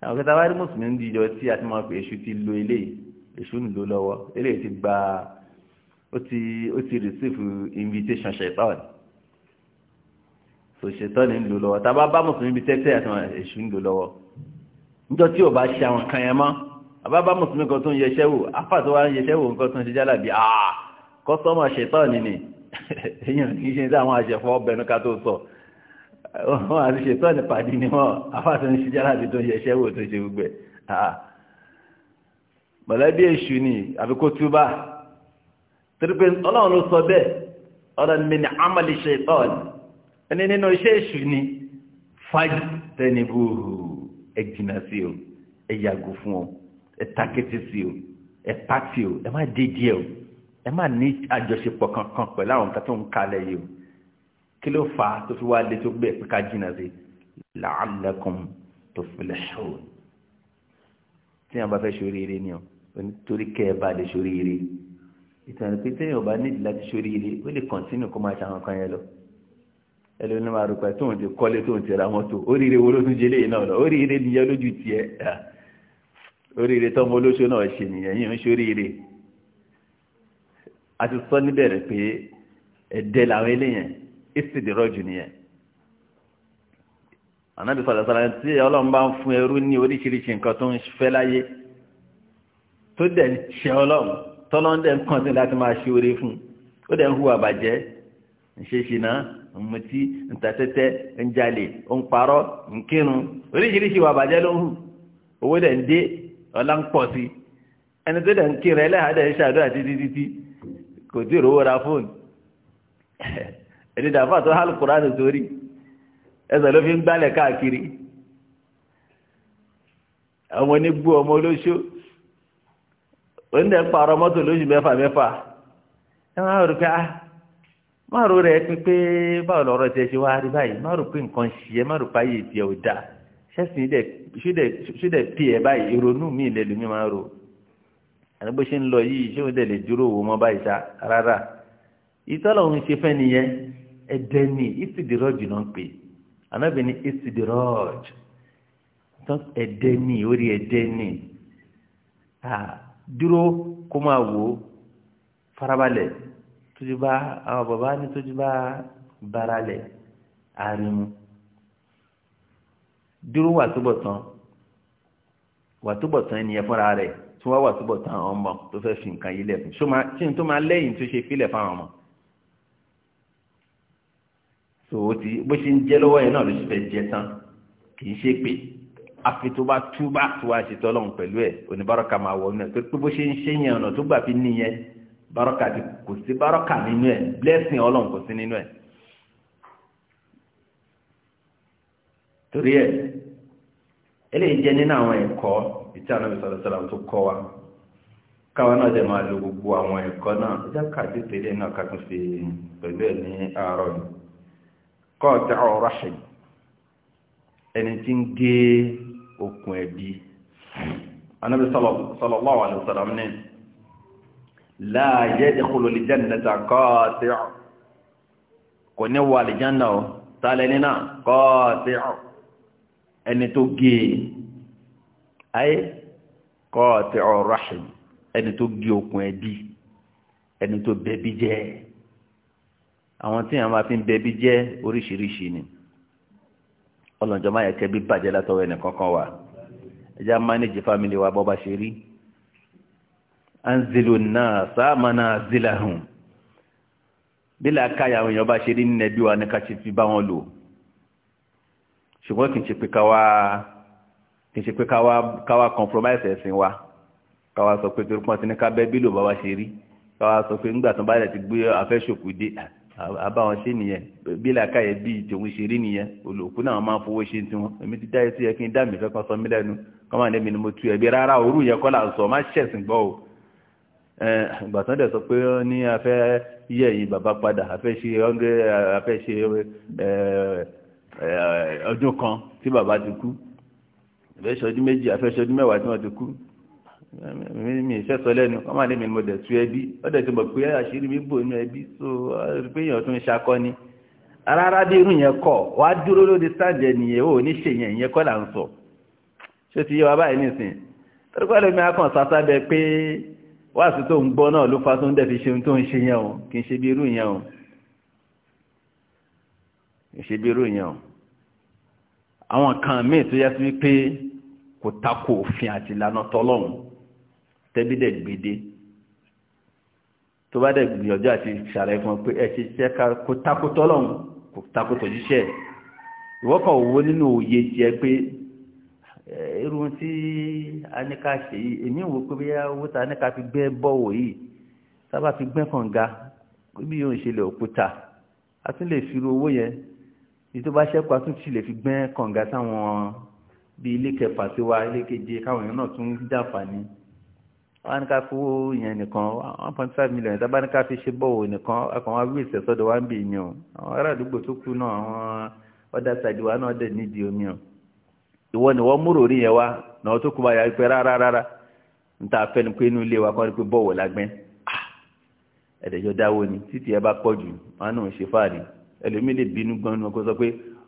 àwọn kẹta wáyé mùsùlùmí ń dìjọ tí a ti máa pè èṣù ti lo eléyìí èṣù ń lo lọ́wọ́ eléyìí ti gba ó ti receive invitation ṣẹ̀tọ́ọ̀nì so ṣẹ̀tọ́ọ̀nì ń lo lọ́wọ́ tá a bá bá mùsùlùmí bí tẹ́tẹ́ àti èṣù ń lo lọ́wọ́ níjọ tí ò bá ṣe àwọn kan yẹn mọ́ àbá bá mùsùlùmí kan tó ń yẹṣẹ́ wò àfà tó wá ń yẹṣẹ́ wò nǹkan tó ń ṣe jálàbí àà kọ́sọ́mọ̀ ṣẹ̀tọ́ọ̀nì ni èèyàn kì í ṣe ní àwọn àṣẹfọ́ ọbẹ̀ tó sọ wọ́n àti ṣètọ́ ní pàdé ni wọ́n afáàtún ní ṣíjára àti tó ń yẹṣẹ́ wò tó ṣe gbogbo ẹ̀ mọ̀lẹ́bí èṣù ni àbíkó túbá tìrìpín ọlọ́run ló sọ bẹ́ẹ̀ ọ̀rọ̀ mi ni amali ṣètọ́ ni ẹni nínú iṣẹ́ èṣù ni fájì tẹnibú ẹ jìnnà sí o ẹ yàgò fún o ẹ takété sí o ẹ pàtì o ẹ má dédìẹ o ẹ má ní àjọṣepọ̀ kankan pẹ̀lú àwọn kan ń kalẹ̀ yìí o kí ló fà á tó fi wá lé tó gbé pé ká jìnnà sí la'allakum tuflihun tí wọn bá fẹ́ ṣoríire ni ọ nítorí kẹ́ ẹ bá lè ṣoríire ìtàn pé téèyàn bá nídìí láti ṣoríire ó lè kọ̀ntínú kó máa ṣe àwọn kan yẹn lọ ẹlẹ́yìn ní máa rúpa tóun ti kọ́lé tóun ti ra mọ́tò oríire wo ló tún jẹ́ léyìn náà lọ oríire nìyẹn lójú tiẹ̀ oríire tọ́mọ olóṣó náà ṣe nìyẹn yìí ń ṣoríire a ti sọ níbẹ̀rẹ̀ pé ẹ̀dẹ́ làwọn eléyẹn istidirọ́jù nìyẹn ànábì sọ̀rọ̀sọ̀rọ̀ tí ọlọ́run bá ń fún ẹrú ní oríṣiríṣi nǹkan tó ń fẹ́ láyé tó dẹ̀ ṣe ọlọ́run tọ́lọ́run dẹ̀ ń kàn sí láti máa ṣe oore fún ó dẹ̀ ń hùwà bàjẹ́ ń ṣe ṣìnà ń mutí ń tatẹ́tẹ́ ń jalè oríṣiríṣi ìwà bàjẹ́ ló ń hù owó dẹ̀ ń dé ọlá ń pọ̀ sí ẹni tó dẹ̀ ń kírun ẹlẹ́hàá dẹ̀ ń ṣàdúrà títí títí kò tí ì ra fóònù ẹni dàfà tó hálù kùránì sórí ẹsẹ̀ ló fi ń gbálẹ̀ káàkiri ọmọ onígbó ọmọ olóṣó onídẹ̀ ń pààrọ̀ mọ́tò lóṣù mẹ́fà mẹ́fà ẹ máa rò pé ah máa rò rẹ̀ pín pé báwo lọ́rọ̀ tiẹ̀ ṣe wá rí báyìí máa rò pé nǹkan ṣì ẹ máa rò páyé tiẹ̀ ò dáa ṣẹ́sìn ṣúdẹ̀ pì ẹ̀ báyìí ìrònú mi ìlẹ̀ lómi máa rò àti bó ṣe ń lọ yìí ṣé òun dẹ̀ lè dúró wò mọ́ báyìí ṣá rárá ìtọ́lọ̀ ṣe fẹ́ nìyẹn ẹ̀dẹ̀ ni ìsìdìrọ́jì náà ń pè ànábì ní ìsìdìrọ́jì ẹ̀dẹ̀ ni orí ẹ̀dẹ̀ ni dúró kó máa wò ó farabalẹ̀ tójú bá àwọn bàbá ní tójú baralẹ̀ arimu dúró wà tó bọ̀ tán wà tó bọ̀ tán ẹnìyẹn fúnra rẹ̀ tí wọ́n wà tó bọ̀ tán ọmọ tó fẹ́ fi nǹkan yìí lẹ̀ fún ṣé n tó máa lẹ́yìn tó ṣe fílẹ̀ fáwọn ọmọ. sòwò ti bó ṣe ń jẹ́ lọ́wọ́ yẹn náà ló ṣe fẹ́ jẹ tán kì í ṣe pé àfi tó bá tó wá ṣe tọ́lọ́run pẹ̀lú ẹ̀ oníbárọ́kà máa wọ̀ nínú pé bó ṣe ń ṣe yẹn ọ̀nà tó gbà fi bárọ́kà ti kò sí bárọ́kà nínú ẹ̀ blessing ọlọ́run kò sí nínú ẹ̀. torí eléyìí nínú àwọn ìtí fi kọ́ọ̀tà ọ̀rọ̀ ṣẹ̀yìn ẹni tí ń gé okùn ẹbí anábi sallallahu alaihi wasallam ní láàyè ìkùlù lìjẹ́nìta kọ́ọ̀tì ọ̀ kò ní wà lìjẹ́nà ọ̀ tààlẹ̀ nínà kọ́ọ̀tì ọ̀ ẹni tó gé ayé kọ́ọ̀tì ọ̀ rahim ẹni tó gé okùn ẹbí ẹni tó bẹbí jẹ́ àwọn tí yàn máa fi ń bẹbí jẹ́ oríṣiríṣi ni ọlọ́njọ́ máa yẹ kẹ́ bí bàjẹ́ látọwọ́ ẹnì kankan wà ẹjẹ́ á mánéjì fámìlì wa bọ́ bá ṣe rí anzilu náà sáàmà náà zilahun bí làákàyà àwọn èèyàn bá ṣe rí nínú ẹbí wa ní ká ṣe fi bá wọn lò ṣùgbọ́n kì í ṣe pé ká wá kì í ṣe pé ká wá ká ẹ̀sìn wa ká sọ pé torí pọ́n ní ká bẹ́ bí lò bá wá ṣe rí ká sọ pé nígbà tó bá yẹ ti gbé afẹ́ṣòkù dé àbáwọn ṣe nìyẹn bí làákàyè bí tòun ṣe rí nìyẹn olùkú náà máa fowó ṣe tí wọn èmi ti dáyé sí ẹ kí n dá mi fẹ́ kan sọ mí lẹ́nu kọ́ máa lẹ́mi ni mo tu ẹ̀bi rárá òru yẹn kọ́ là ń sọ má ṣẹ̀sìn gbọ́ o gbàtàn dẹ̀ sọ pé ní afẹ́ yẹ̀ yìí bàbá padà afẹ́ ṣe ọ̀ndẹ́ afẹ́ ṣe ọdún kan tí bàbá ti kú afẹ́ ṣọdún méjì afẹ́ ṣọdún mẹ́wàá tí wọ́n ti kú mi ìṣẹ́ sọ lẹ́nu ọmọ àlè mi ni mo dẹ̀ tú ẹbí ó dẹ̀ ti mọ̀ pé àṣírí mi bò nínú ẹbí so pé èèyàn tún ń ṣakọ ni rárá bí irú yẹn kọ wàá dúró lórí sáàdì ẹnìyẹn ò ní ṣe yẹn ìyẹn kọ́ là ń sọ ṣé ti yé wa báyìí nìsín torí pẹ́lú mi akàn sáṣá bẹ pé wáàsí tó ń gbọ́ náà ló fa tó ń dẹ̀ fi ṣe tó ń ṣe yẹn o kì í ṣe bí irú yẹn o kì í ṣe bí irú yẹn o àwọn kan míì tó yẹ kò takò òfin àti ìlànà tọ́lọ́hún tẹ́bí dẹ̀ gbèdé tó bá dẹ̀ gbìyànjú àti ṣàlàyé fún ọ pé ẹ ti ṣe kó takótọ́ lọ́hùn kó takótọ́ jíṣẹ́ ìwọ́kọ̀ owó nínú òye jẹ pé irú tí a ní ká ṣe yìí èmi wò pé bí owó ta ní ká fi gbẹ́ bọ́wọ̀ yìí sábà fi gbẹ́ kànga bí yóò ṣe lè òkúta a tún lè fi owó yẹn ní tó bá ṣẹ́kù a tún ti lè fi gbẹ́ kànga sáwọn bí ilé kẹfà sí wa ilé keje káwọn èèyàn náà tún jàǹfààní wọ́n ní ká fi owó yẹn nìkan one point five million tá a bá ní ká fi ṣe bọ́ọ̀ nìkan akọ̀ wọn wí ìṣẹ̀ sọ́dọ̀ wá ń bì o àwọn ará àdúgbò tó kú náà àwọn ọ̀dà sàdì wa náà dẹ̀ nídìí omi o ìwọ ni wọ́n múrò rí yẹn wá náà tó kú bá yà pé rárá rárá níta fẹ́ ni pé inú ilé wa kọ́ ni pé bọ́ọ̀wọ̀ lágbẹ́n ah! ẹ̀dẹ̀jọ́ dáwọ́ ni títí ẹ bá pọ̀ jù wọn náà ṣe fáàrí ẹlòmí lè bínú gan ni kó sọ pé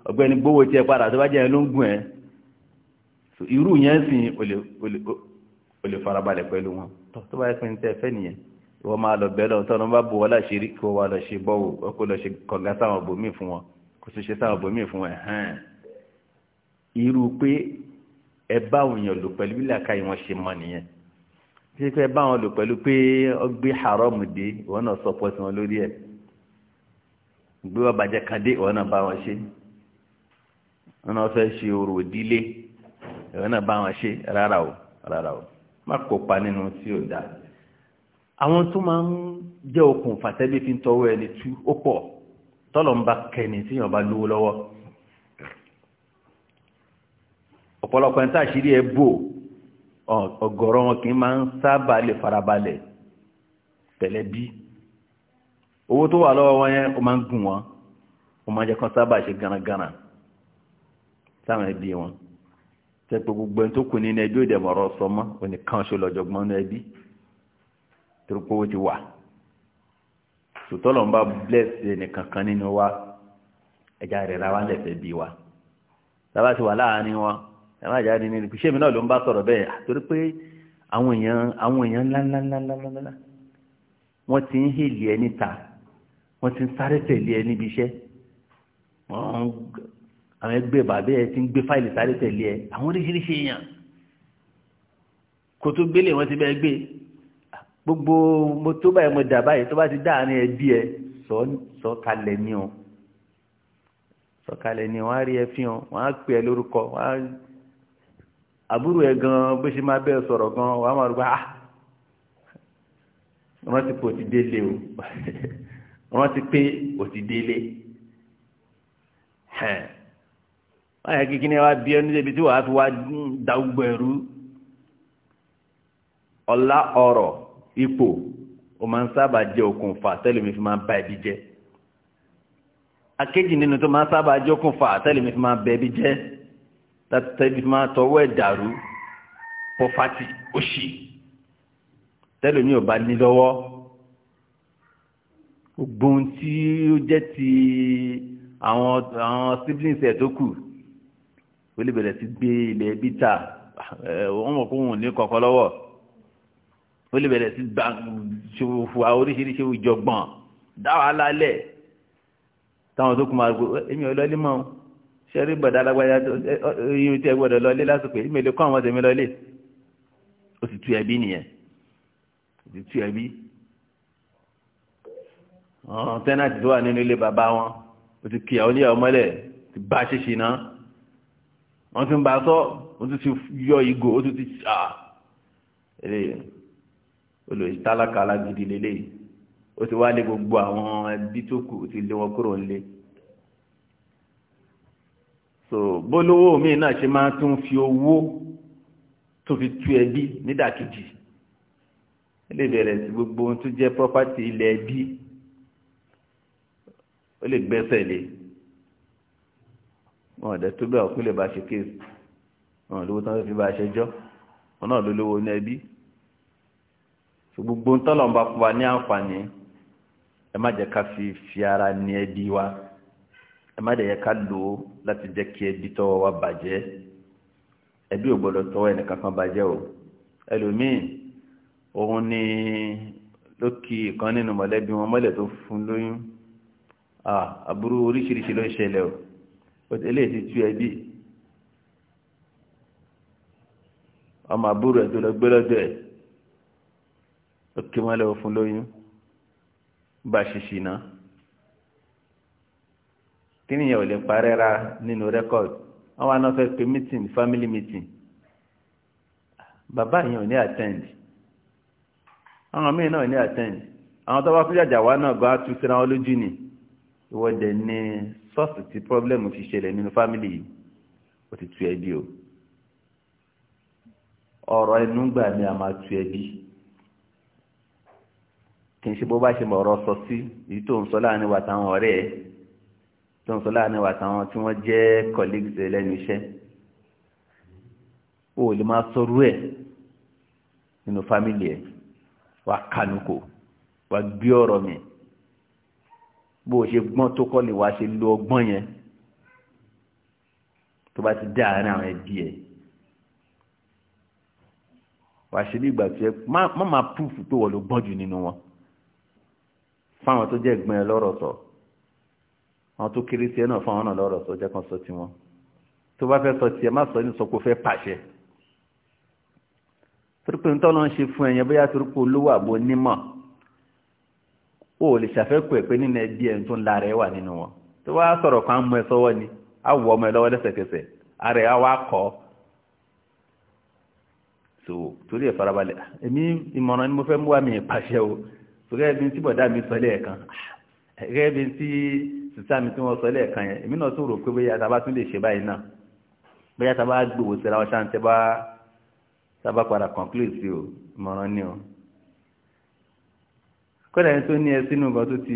ọ̀gbẹ́ni gbówó tiẹ̀ padà tó bá jẹ́ ẹ o lè farabalẹ̀ pẹ̀lú wọn tó bá ẹ̀fẹ́ tẹ́ ẹ̀fẹ́ nìyẹn ìwọ máa lọ bẹ́ẹ̀ lọ tọ́nà bá bò wọ́n láṣẹ rí kí wọ́n wá lọ ṣe bọ́wọ́ ọkọ̀ lọ ṣe kọ̀ǹgá sáwọn bòmí fún wọn kò sì ṣe sáwọn bòmí fún wọn hàn irú pé ẹ bá òyìn lò pẹ̀lú bí làkà yìí wọ́n ṣe mọ nìyẹn ṣé ẹ bá wọn lò pẹ̀lú pé ọ gbé haram dé ìwọ náà support wọn lórí ẹ̀ gbé wọn bàjẹ́ kan dé ìwọ náà bá wọn ṣe wọn náà fẹ́ ṣe orò ìdílé náà bá wọn ṣe rárá o rárá o má kópa nínú tí ò dáa àwọn tó máa ń jẹ́ okùn fàtẹ́bí fi ń tọwọ́ ẹni tú ó pọ̀ tọ́lọ̀ ń bá kẹni tí yàn bá lówó lọ́wọ́ ọ̀pọ̀lọpọ̀ ẹni táàṣírí ẹ bò ọ̀gọ̀rọ̀ wọn kì í máa ń sábà lè farabalẹ̀ pẹ̀lẹ́ bí owó tó wà lọ́wọ́ wọn yẹn ó máa ń gùn wọn ó máa jẹ́ kán sábà ṣe gánagánà sáwọn ẹbí wọn tẹ́pẹ́ gbogbo ẹni tó kù nínú ẹbí òde mọ̀rọ̀ sọmọ́ onìkan ṣe lọ́jọ́gbọ́n nínú ẹbí torípé ó ti wà sòtọ́lọ̀ ń bá bless ẹnìkan kan nínú wa ẹja rẹ̀ ra wá lẹ́fẹ̀ẹ́ bí wa tábà ti wà láàárín wa tábà jáde nínú ìpìṣẹ́ mi náà ló ń bá sọ̀rọ̀ bẹ́ẹ̀ torí pé àwọn èèyàn àwọn èèyàn ńláńláńláńláńlá wọ́n ti ń hèlì ẹ níta wọ́n ti ń sáré tẹ̀lé ẹ níbi iṣẹ́ wọ́n àwọn ẹgbẹ́ bàbá ẹ ti ń gbé fáìlì sáré tẹ̀lé ẹ àwọn oríṣiríṣi èèyàn kò tó gbélé wọn ti bẹ́ẹ̀ gbé gbogbo tó báyìí mo dà báyìí tó bá ti dáàrin ẹbí ẹ sọ kalẹ̀ ni o sọ kalẹ̀ ni wọ́n á rí ẹ fi hàn wọ́n á pè ẹ lórúkọ wọ́n á àbúrò ẹ gan bó ṣe máa bẹ́ẹ̀ sọ̀rọ̀ gan wọ́n á máa rúgbà á ah! wọ́n ti pé ó ti o wọ́n ti pé ó ti délé báyà kikini wa bí ni débi tí wàá fi wá da gbogbo ẹrú ọlá ọrọ̀ ipò o máa ń sábà jẹ okùnfà tẹlẹmí fi máa ń ba ẹbí jẹ akéjì nínú tó máa ń sábà jẹ okùnfà tẹlẹmí fi máa ń ba ẹbí jẹ tẹlẹmí fi máa ń tọwọ́ ẹ̀ dàrú pọfati òṣì tẹlẹmí ò bá ní lọ́wọ́ gbogbo ohun ti àwọn àwọn siblings ẹ̀ tó kù ó lè bẹ̀rẹ̀ sí gbé ilẹ̀ bí ta wọ́n mọ̀ kó wọn ní kọ̀kọ́ lọ́wọ́ ó lè bẹ̀rẹ̀ sí gbà ṣòfò oríṣiríṣi ìjọgbọ̀n dá wàhálà lẹ̀ táwọn tó kù máa gbé èmi ọlọ́lé mọ́ ọ́n sẹ́rí gbọ̀dá alágbáyá yín tí ẹ gbọ́dọ̀ lọlé lásìkò èmi lè àwọn tèmi lọlé ó sì tú ẹbí nìyẹn ó sì tú ẹbí ọ̀hún tẹ́nàtì wà nínú ilé bàbá wọn ó ti kí àwọn mọ́lẹ̀ ti bá ṣíṣe wọ́n ti ń bá a sọ wọ́n ti ti yọ ìgò ó ti ti ṣá eléyìí olóyè tálákà alágídí lélẹ́yìí ó ti wá lé gbogbo àwọn ẹbí tó kù ti lé wọn kúrò nílé so bólówó mi náà ṣe máa tún fi owó tó fi tú ẹbí nídàkejì lè bẹ̀rẹ̀ sí gbogbo ohun tó jẹ́ pọ́pátì ilẹ̀ ẹbí ó lè gbẹ́sẹ̀ lé wọn ọ̀dẹ tó bẹ́ẹ̀ ọ̀kú lè bá ṣe kéèsì wọn lówó tán fi bá ṣe jọ́ wọn náà ló lówó ní ẹbí gbogbo ń tọ́lọ̀ ń wa ní àǹfààní ẹ má jẹ́ ká fi fi ara ní ẹbí wa ẹ má jẹ́ yẹ ká lò ó láti jẹ́ kí ẹbí tọ́wọ́ wa bàjẹ́ ẹbí ò gbọ́dọ̀ tọ́wọ́ ẹnìkan kan bàjẹ́ o ẹlòmíì òun ni ló kí nínú mọ̀lẹ́bí wọn mọ́lẹ̀ tó fún lóyún àbúrú oríṣiríṣi ló ń ṣẹlẹ̀ o òtẹ́lẹ̀ ti tú ẹbí ọmọ àbúrò ẹ̀ tó lọ gbé lọ́dọ̀ ẹ̀ ó ké wọn lẹ́wọ̀ fún lóyún bá ṣìṣì náà kí nìyẹn ò lè parẹ́ ra nínú rẹ́kọ̀d wọ́n wá náà fẹ́ pé meeting family meeting bàbá yẹn ò ní attend àwọn míì náà ò ní attend àwọn tó bá fún jàjà wa náà gbọ́ àtúnṣe ra lójú ni ìwọ́dẹ̀ ní sọ́ọ̀sì tí pọ́blẹ́mù fi ṣẹlẹ̀ nínú fámìlì yìí ó ti tu ẹbí o ọ̀rọ̀ ẹnu gbà ni a máa tu ẹbí kì í ṣe bó bá ṣe mọ̀ ọ̀rọ̀ sọ sí èyí tó ń sọ láàrin wa táwọn ọ̀rẹ́ ẹ̀ tó ń sọ láàrin wa táwọn tí wọ́n jẹ́ colleagues lẹ́nu iṣẹ́ o lè máa sọrú ẹ̀ nínú fámìlì ẹ̀ wà kánukò wà gbé ọ̀rọ̀ mi bó o ṣe gbọ́n tó kọ́ lè wá ṣe lo ọgbọ́n yẹn tó bá ti dá àárín àwọn ẹbí ẹ wàá ṣe bí ìgbà tó yẹ má má púùfù tó wọ̀ ló gbọ́n jù nínú wọn fáwọn tó jẹ́ ìgbọ́n ẹ lọ́rọ̀ sọ àwọn tó kéré sí ẹ náà fáwọn náà lọ́rọ̀ sọ jẹ́ kan sọ tiwọn tó bá fẹ́ sọ tiẹ̀ má sọ ní sọ pé ó fẹ́ pàṣẹ torí pé ń tọ́ lọ́n ṣe fún ẹ̀yẹn bóyá torí pé olówó àbò onímọ̀ o lè ṣàfẹ́kù ẹ̀ pé nínú ẹbí ẹ̀ tó ń la rẹ̀ wà nínú wọn tó wá sọ̀rọ̀ kan mú ẹ sọ́wọ́ ni á wọ ọmọ ẹ lọ́wọ́ lẹ́sẹ̀kẹsẹ̀ ara ẹ̀ á wá kọ́ so torí ẹ̀ farabalẹ̀ èmi ìmọ̀ràn ni mo fẹ́ mú wa mi pàṣẹ o gẹ́gẹ́ bí tí bọ̀dá mi sọ lẹ́ẹ̀kan gẹ́gẹ́ bí tí sísá mi tí wọ́n sọ lẹ́ẹ̀kan yẹn èmi náà tún rò pé bóyá tábà tún lè ṣe báyìí náà bóyá taba gbòòwò síra wọn ṣáà ń tẹ́ bá tábà padà conclude sí o ìmọ̀ràn ni o kódà ẹni tó ní ẹ sínú nǹkan tó ti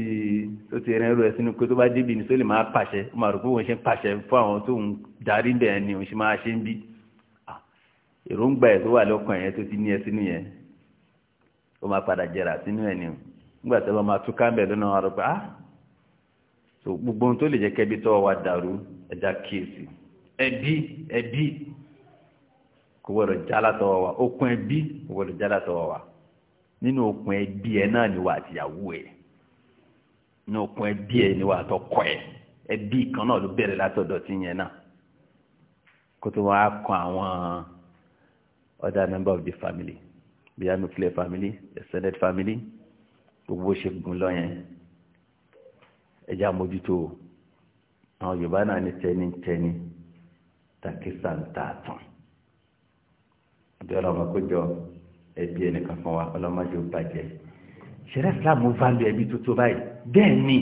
tó ti rẹ ẹrú ẹ sínú pé tó bá débi ní tó lè máa pàṣẹ ó máa rò pé òun ṣe ń pàṣẹ fún àwọn tó ń darí bẹ́ẹ̀ ni òun ṣe máa ṣe ń bí èròǹgbà ẹ̀ tó wà lọ́kàn yẹn tó ti ní ẹ sínú yẹn ó máa padà jẹrà sínú ẹ̀ ni o nígbà tí wọ́n máa tú kámbẹ̀ lọ́nà wa rò pé ah so gbogbo ohun tó lè jẹ́ kẹ́bi tọ́ wa dàrú ẹja kíyèsí ẹbí ẹbí kò wa okun ẹbí kò gbọdọ̀ jálá wa nínú okùn ẹbí ẹ náà ni wà àtìyàwó ẹ nínú okùn ẹbí ẹ ni wà àtọkọ ẹ ẹbí kan náà ló bẹ̀rẹ̀ látọ̀dọ̀ tí yẹn náà kó tó wá kan àwọn other member of the family bíyà nuclear family extended family gbogbo ṣe gùn lọ yẹn ẹjẹ àmójútó àwọn yorùbá náà ní tẹnitẹni takisa ń ta àtàn kó jọ ẹbí ẹnìkan kan wa ọlọ́mọdé ó bàjẹ́ ṣẹlẹ̀ islam value ẹbí tó tó báyìí bẹ́ẹ̀ ni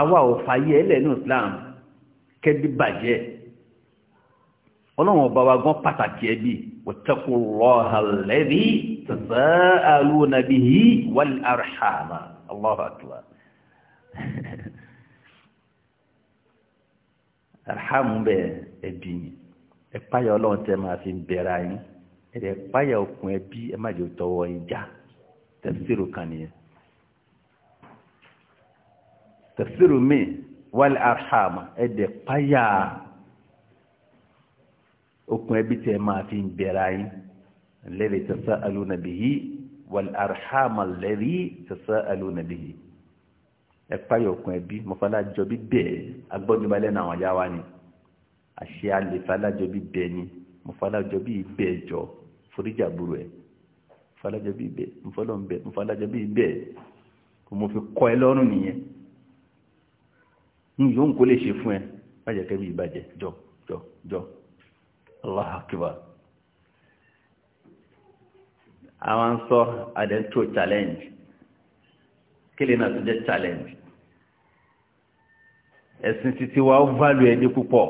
àwa ò fàyè ẹlẹ́nu islam kẹ́bí bàjẹ́ ọlọ́run ọba wa gan pàtàkì ẹbí wọ́tẹ́kù rọ́ọ̀hálẹ́bí tẹ̀sẹ̀ alúnàbí yìí wal arhama Allahu akbar arhamu bẹ́ẹ̀ ẹbí ẹ̀páyọ̀ ọlọ́run tẹ́ máa fi bẹ̀rẹ̀ ayé ẹ̀rẹ̀ páyà okùn ẹbí ẹ má jẹ́ tọwọ́ yín já tẹ̀síìrù kan nìyẹn tẹ̀síìrù míì wal arhama ẹ̀dẹ̀ páyà okùn ẹbí tẹ̀ máa fi ń bẹ̀rẹ̀ ayín alladhi tasa'aluna bihi wal arhama alladhi tasa'aluna bihi ẹ páyà okùn ẹbí mọ̀fàlájọ bí bẹ́ẹ̀ agbọ́dúnbalẹ̀ náà wọ́n yá wa ni àṣẹ àlèfàlájọ bí bẹ́ẹ̀ ni mọ̀fàlájọ bí bẹ́ẹ̀ jọ foríjà burú ẹ̀ falájọ bí ibẹ̀ nfọlọ́nbẹ̀ nfọlájọ bí ibẹ̀ kò mo fi kọ́ ẹ lọ́rùn nìyẹn ní yóò ń kó lè ṣe fún ẹ bàjẹ́ kẹ́bí ìbàjẹ́ jọ jọ jọ Allahu Akbar àwọn ń sọ adẹ́ntò challenge kí lè náà tó jẹ́ challenge ẹ̀sìn títí wa ó válù ẹ̀dí púpọ̀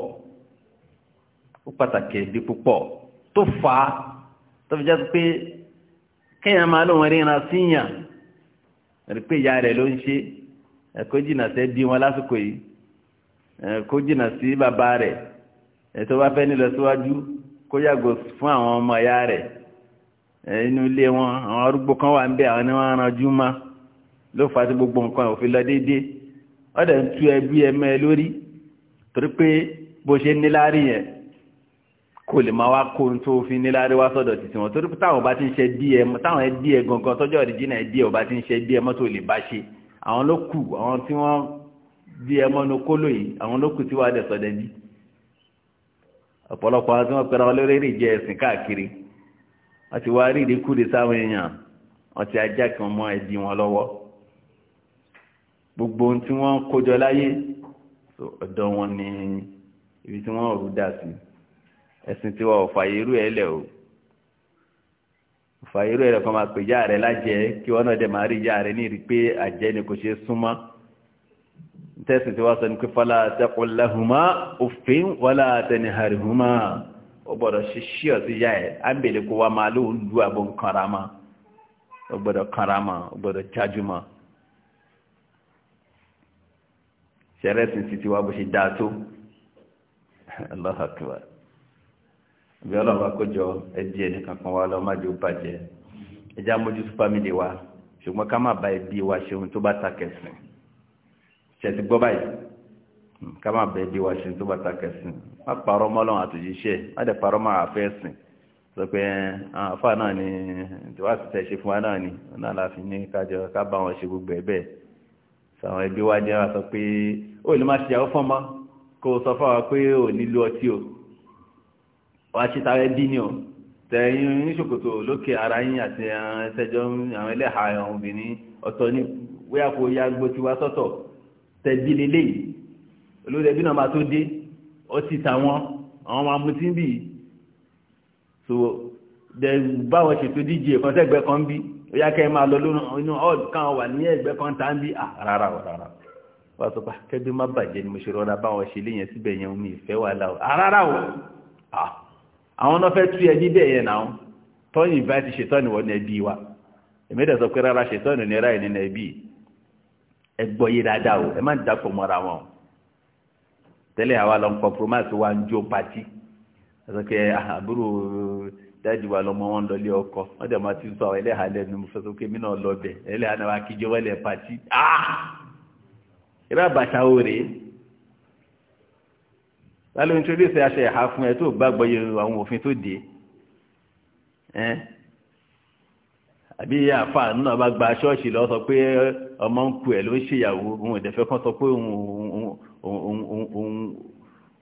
ó pàtàkì ẹ̀dí púpọ̀ tó fàá tó fi jẹ́ pé kéèyàn máa lóun ríran síyàn rí pé ìyá rẹ̀ ló ń ṣe kó jìnnà sí ẹbí wọn lásìkò yìí kó jìnnà sí bàbá rẹ̀ ètò bá fẹ́ nílọ síwájú kó yàgò fún àwọn ọmọ ìyá rẹ̀ inú ilé wọn àwọn arúgbó kan wà ń bẹ àwọn ni wọ́n ranjú mọ́ ló fà sí gbogbo nǹkan òfin lọ déédéé ọ̀dẹ̀ ń tú ẹbí ẹmẹ lórí torí pé bó ṣe níláárí yẹn kò lè máa wá kó tó fi níláre wá sọ́dọ̀ títí wọn torí táwọn bá ti ń ṣe díẹ̀ táwọn díẹ̀ gangan tọ́jọ́ ìdíjìnà díẹ̀ ọba ti ń ṣe díẹ̀ mọ́tò lè bá ṣe àwọn ló kù àwọn tí wọ́n díẹ̀ mọ́nu kóló yìí àwọn ló kù tí wọ́n á dẹ̀ sọ́dẹ̀ bí ọ̀pọ̀lọpọ̀ àwọn tí wọ́n pẹ̀rọ lórí èrè jẹ́ ẹ̀sìn káàkiri wọ́n ti wá rí ìdíkúre sáwọn èèyàn wọ́n ti ajá kí wọ́n mọ ẹbí wọn lọ́wọ́ gbogbo ohun tí wọ́n kójọ láyé ọ̀dọ̀ wọn ni ibi tí wọ́n rú dà sí i ẹ̀sìn tiwa ọ̀fà irú ẹ̀ lẹ̀ o ọ̀fà irú ẹ̀ lẹ̀ kọ́ máa pè já rẹ̀ lájẹ́ kí wọ́n náà dẹ̀ máa rí já rẹ̀ ní ìrí pé àjẹ́ ni kò ṣe súnmọ́ tẹ́sìn tiwa sọ ni pé fọlá tẹ́kọ̀ òfin wọlá tẹ́ni ó gbọ́dọ̀ ṣe ṣí ọ̀sí yá ẹ̀ á kó wa máa lóun lu àbọ̀ nkanrama ó gbọ́dọ̀ kanrama ó gbọ́dọ̀ jájúmọ́ ṣẹrẹ́sìn tiwa bó ṣe dáa tó Allahu Akbar bí ọlọ́run akójọ ẹbí ẹni kankan wa lọ́ọ́ má jẹ́ ó bàjẹ́ ẹjá mójú tó fámìlì wa ṣùgbọ́n ká má ba ẹbí wa ṣeun tó bá ta ṣẹ̀tì gbọ́ báyìí hmm, ká má ba ẹbí wa ṣeun tó bá ta kẹsìn má parọ́ mọ́lọ́run àtòjíṣẹ́ má dẹ̀ parọ́ máa fẹ́ sìn sọ pé àfa náà ni tiwa ti tẹ̀ ṣe fún wa náà ni náà la fi ní kájọ ká bá wọn ṣe gbogbo ẹ̀ bẹ́ẹ̀ sàwọn ẹbí wa jẹ́ wa sọ pé ó lè má ṣe àwọn fọ́nmọ́ kó sọ fáwọn pé ò nílò ọtí o wàá ṣe tààrẹ bí ni ọ tẹ̀yìn oníṣòkòtò lókè ara yín àti àwọn ẹsẹ̀jọ́ àwọn ẹlẹ́ha àwọn obìnrin ọ̀tọ̀ ní wíyà kó ya gbó tí wá sọ́tọ̀ tẹ̀bí lélẹ́yìn olórí ẹbí náà máa tó dé ó ti ta wọn àwọn máa mutí ń bì í so báwọn ṣètò díje kan sẹ́gbẹ́ kan ń bí ó kẹ́ ẹ máa lọ lónà inú ọ́ọ̀dù káwọn wà ní ẹgbẹ́ kan tá ń bí ah, rárá rárá wà sọ pé kẹ́gbẹ́ má bàjẹ́ ni mo ṣe rọra báwọn ṣe léyìn síbẹ̀ yẹn mi ìfẹ́ wà láwọ̀ ah, rárá ah àwọn náà fẹ́ tú ẹbí bẹ́ẹ̀ yẹn náà tọ́yìn invite ṣètọ́nì wọ́n ní ẹbí wa èmẹ́dẹ̀ sọ pé rárá ṣètọ́nì ní ráì nínú ẹbí ẹ gbọ́ yé dáadáa o ẹ má dàpọ̀ mọ́ra wọn o tẹ́lẹ̀ àwa lọ ń compromise wa ń jó pati ẹ̀sọ́ pé ah, àbúrò dájú wa lọ́mọ wọn lọ ọkọ wọ́n dẹ̀ máa ti sọ àwọn ẹlẹ́hàá lẹ́nu mo mí náà lọ bẹ̀ ẹlẹ́hàá náà wá kíjọ wọ́lẹ̀ pati ah ìrà bàtà lálẹ́ introduce aṣọ ẹ̀ha fún ẹ tó gbàgbọ́ yẹ àwọn òfin tó dé ẹ́ àbí àfa náà bá gba ṣọ́ọ̀ṣì lọ sọ pé ọmọ ń ku ẹ̀ ló ń ṣèyàwó òun ìdẹ̀fẹ́ kan sọ pé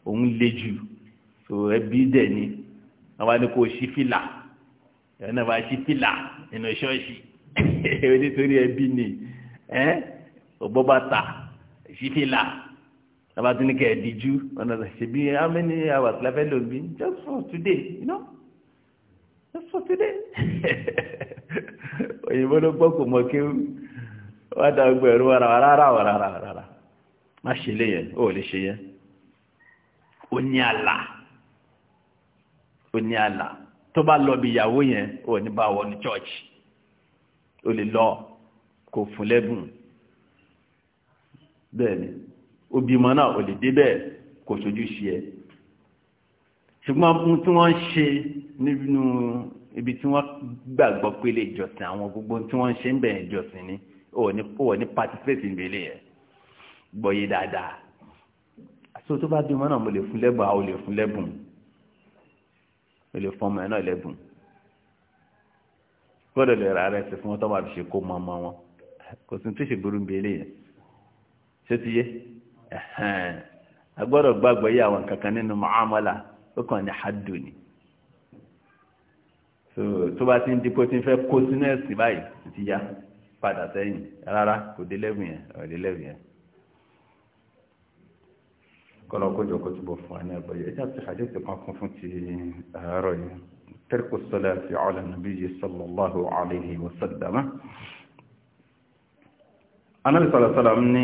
òun le jù ẹbí dẹ̀ ni àwa ni kò ṣí fìlà ẹ̀ náà bá ṣí fìlà nínú ṣọ́ọ̀ṣì nítorí ẹbí ni ẹ́ ògbọ́ bàtà ṣí fìlà tàbá tún ní kẹ́ ẹ̀ díjú ọ̀nà ṣèbí how many hours la fẹ́ lò bí just for today you know just for today òyìnbó ló gbọ́ kò mọ̀ kéwù wá dàgbò ẹ̀rú wàrà wàrà wàrà wàrà má ṣe lé yẹn ó lè ṣe yẹn ó ní àlà ó ní àlà tó bá lọ bí ìyàwó yẹn ó ní bá wọ ní church ó lè lọ kò fún lẹ́bùn bẹ́ẹ̀ ni obìmọ̀ náà ò lè débẹ̀ kò sojú sí ẹ ṣùgbọ́n ohun tí wọ́n ń ṣe nínú ibi tí wọ́n gbàgbọ́ pé lè jọsìn àwọn gbogbo tí wọ́n ń ṣe ń bẹ̀rẹ̀ jọsìn ni ó wọ̀ ní participate ń bẹ̀lẹ̀ yẹn gbọ́yé dáadáa àti tó bá bímọ náà mo lè fún lẹ́bùn àwọn ò lè fún lẹ́bùn mo lè fún ọmọ ẹ̀ náà lẹ́bùn gbọ́dọ̀ lè ra rẹ̀ fún wọn tó bá fi ṣe kó mọ́ ọmọ wọn kò sí tó ṣe burú ń bẹ̀lẹ̀ yẹn ṣé ti yé a gbọ́dọ̀ gbàgbọ́ yí àwọn kankan nínú mọ́ámọ́lá ó kàn ní hadu ni tó bá ti ń dípò tí ń fẹ́ kó sínú ẹ̀sìn báyìí ti ya padà sẹ́yìn rárá kò dé lẹ́bùn yẹn ọ̀rẹ́ lẹ́bùn yẹn kọ́lọ́ kójọ kó túbọ̀ fún wa ní ẹ̀bọ̀ yẹn ẹjá ti hajj ti kún fún ti eh, àárọ̀ yẹn tẹ́rkù sọlá fi ọ̀là nàbí yìí sallallahu alayhi wa anábì sàlàsàlàm ní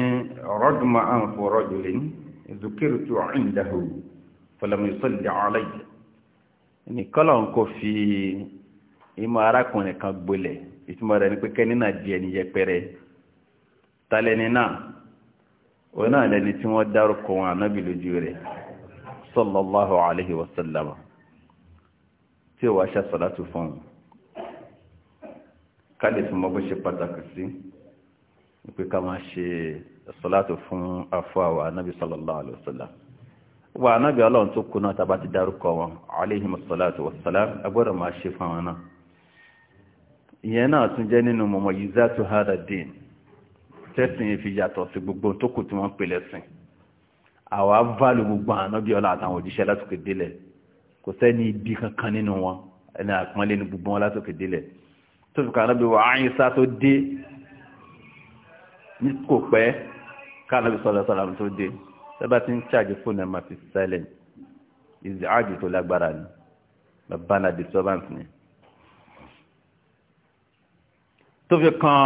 rọ́dùmá àǹfò rọ́jòlè ìzùkírù tó ìndàhù fọlọmùsọ̀lẹ̀ ọ̀lẹ́yìn ní kọ́lọ̀ ń kó fi ìmọ̀ arákùnrin kan gbolẹ̀ ìtumọ̀ rẹ̀ ní pé kẹ́ni náà di ẹni yẹpẹrẹ talẹ́ni náà òun náà lẹni tí wọ́n dárúkọ wọn anábì lójú rẹ̀ sallallahu alaihi wasallam tí ó wá ṣe sàlátù fún un ká mọ bó ṣe pàtàkì sí wípé ká máa ṣe sọ́látò fún afọ́wà anábì sallallahu alaihi wasallam wà anábì ọlọ́run tó kú náà tàbá ti dárúkọ wọn alayhim sọ́látò wassalam agbọ́dọ̀ máa ṣe fún àwọn náà ìyẹn náà tún jẹ́ nínú mọ̀mọ̀ yìí zátó hada dín tẹ́sìn fi yàtọ̀ sí gbogbo tó kù tí wọ́n pè lẹ́sìn àwa válù gbogbo ànábì ọlá àtàwọn òjíṣẹ́ látòkè délẹ̀ kò sẹ́ni ibi kankan nínú wọn ẹni àpọ́nlé ní gbogbo wọn látòkè délẹ̀ tó fi kànáà ní kò pẹ́ káàlọ́bí sọ́lọ́sọ́lá tó dé sẹ́bá ti ń ṣáàjì fún ẹ̀mà fi sẹ́lẹ̀ ìzìájì tó lágbára ni bàbá disturbance ni tó fi kan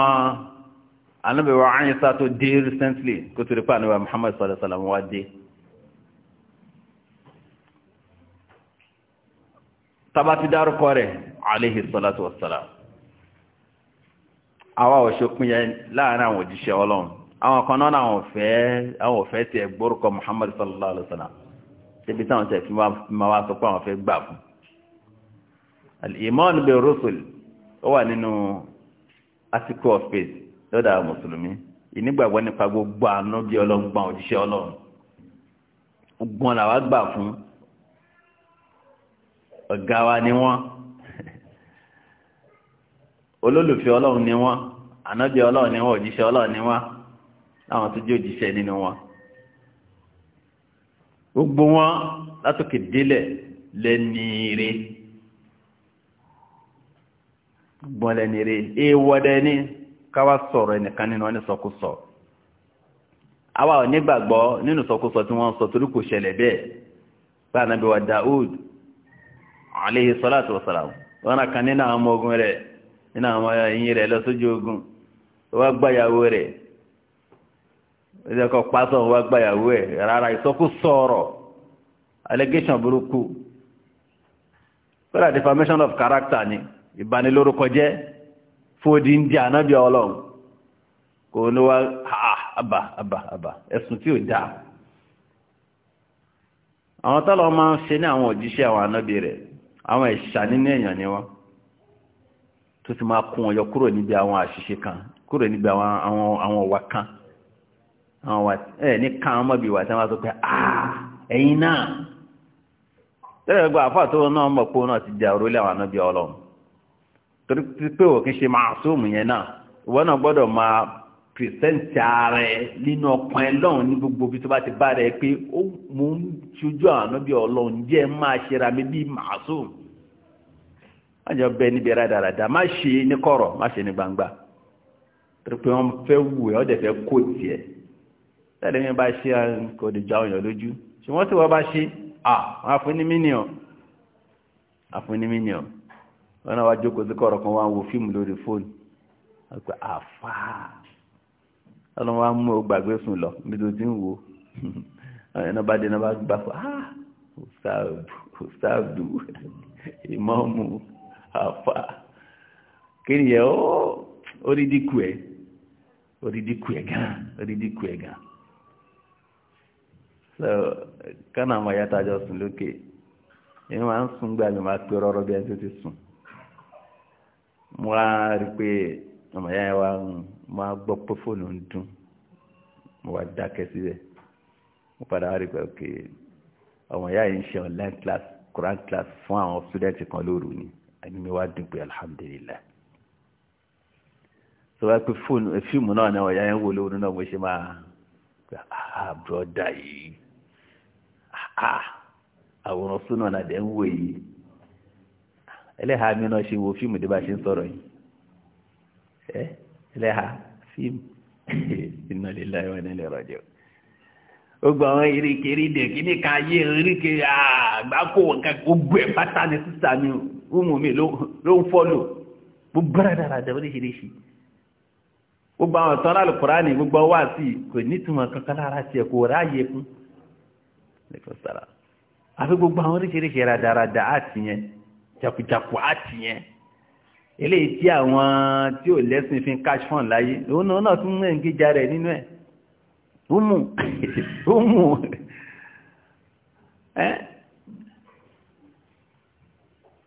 anábẹ̀wọ̀ àyíṣà tó dé recently kó tó rí pa àníwá Muhammad sọ́lọ́sọ́lá wá dé tabati dárúkọ rẹ̀ aléhìsọ́lá tó àwa ò ṣòpin yẹn láàrin àwọn òjíṣẹ́ ọlọ́run àwọn kan náà àwọn òfẹ́ àwọn òfẹ́ tiẹ̀ gbórúkọ muhammadu sallallahu alayhi wa sallam ṣébi táwọn tẹ̀ fi máa wá sọ pé àwọn fẹ́ gbà fún. al-iman bi rusul ó wà nínú article gbà fún ọ̀gá wa ni wọ́n. olólùfẹ́ ọlọ́run ni wọ́n ànábì ọlọ́run ni wọ́n òjíṣẹ́ ọlọ́run ni wọ́n láwọn tó jẹ́ òjíṣẹ́ nínú wọn gbogbo wọn látòkè délẹ̀ lẹ́nire gbọ́n lẹ́nire èèwọ̀dẹ ní káwá sọ̀rọ̀ ẹnìkan nínú wọn ní sọkúsọ ò nígbàgbọ́ nínú sọkúsọ tí wọ́n sọ salatu wọn kan nínú àwọn nínú àwọn ẹ̀yìn rẹ̀ lọ sójú ogun ó gbàyàwó rẹ̀ ó jẹ́ kọ́ gbàyàwó ẹ̀ rárá ìsọkú sọ̀rọ̀ allegation burúkú defamation of ni ìbanilórúkọ ń di ànábì kò ní wá ah, tí ò àwọn máa ń ṣe ní àwọn òjíṣẹ́ àwọn tó ti máa kún ọyọ kúrò níbi àwọn àṣìṣe kan kúrò níbi àwọn ọwà kan àwọn wà ẹ̀ ní kan ọmọbí wà tí wọ́n sọ pé àà ah, ẹ̀yìn náà tẹ́lẹ̀ gba àfà tó náà mọ̀ pé náà ti di àrólé àwọn ànábì ọlọ́run torí pé òkè ṣe máa sóòmù yẹn náà ìwọ náà gbọ́dọ̀ máa pìrìsẹ́ǹtì ààrẹ nínú ọkàn ẹ lọ́hùn ní gbogbo bí tó bá ti bá rẹ pé ó mò ń àwọn ànábì ọlọ́run jẹ́ máa ṣera mi bí màásùmù àjọ bẹ níbi rádaràdà má ṣe ní kọ̀rọ̀ má ṣe ní gbangba torí pé wọ́n fẹ́ wù ẹ́ ọ̀dẹ̀ fẹ́ kó tiẹ̀ tẹ́lẹ̀ mi bá ṣe kò lè já ọyàn lójú ṣé wọ́n tí wọ́n bá ṣe à wọ́n àfúnni míníọ̀ àfúnni míníọ̀ wọ́n náà wá jókòó sí kọ̀rọ̀ kan wá ń fíìmù lórí fóònù àgbà àfà ọlọ́wọ́ á mú gbàgbé sùn lọ bí tó ti ń wo ẹ̀nà bá dé náà bá gbà fún ah ustaz ustaz ìmọ̀ọ́mù àfà kí ni yẹ ó orídìí kù ẹ gan orídìí kù gan so kánà àwọn ayá tájọ sùn lókè èmi máa ń sùn gbà mí máa pe rọrọ bí ẹni tó ti sùn mo á rí i pé ọmọ ìyá yẹn wá máa gbọ́ pé fóònù ń dún mo wá dákẹ́ síbẹ̀ mo padà wá rí i pé ok ọmọ ìyá yìí ń ṣe online class Quran class fún àwọn student kan lóru ni ẹni mi wá dùn pé alhamdulillah tó bá pé fóònù fíìmù náà náà ọ̀yá yẹn wò lóru náà mo ṣe máa gba ah broda yìí ah àwòrán súnà náà dẹ̀ ń wò yìí ẹlẹ́hàá mi náà ṣe wo fíìmù dé bá ṣe ń sọ̀rọ̀ yìí ẹ ẹlẹ́hàá fíìmù inna lillahi wa inna ilaihi raji'un gbogbo àwọn erékeré dẹ̀ kí ní ká yé erékeré àgbákò ah, nǹkan gbogbo ẹ̀ pátá ni sísá mi o rúmù mi ló ń fọ́lò gbogbo dáradára oríṣiríṣi gbogbo àwọn ọ̀tọ́ lálùkùránì gbogbo wà sí kò nítumọ̀ kankan lára tiẹ̀ kò ráyè fún lẹ́kọ̀ọ́sára àfi gbogbo àwọn oríṣiríṣi rádaràdà àti yẹn jàkùjàkù àti yẹn eléyìí tí àwọn tí ò lẹ́sìn fi cash fund láyé òun náà tún mú ẹ̀ǹgíjà rẹ̀ nínú ẹ̀ ó mú ó mú ẹ́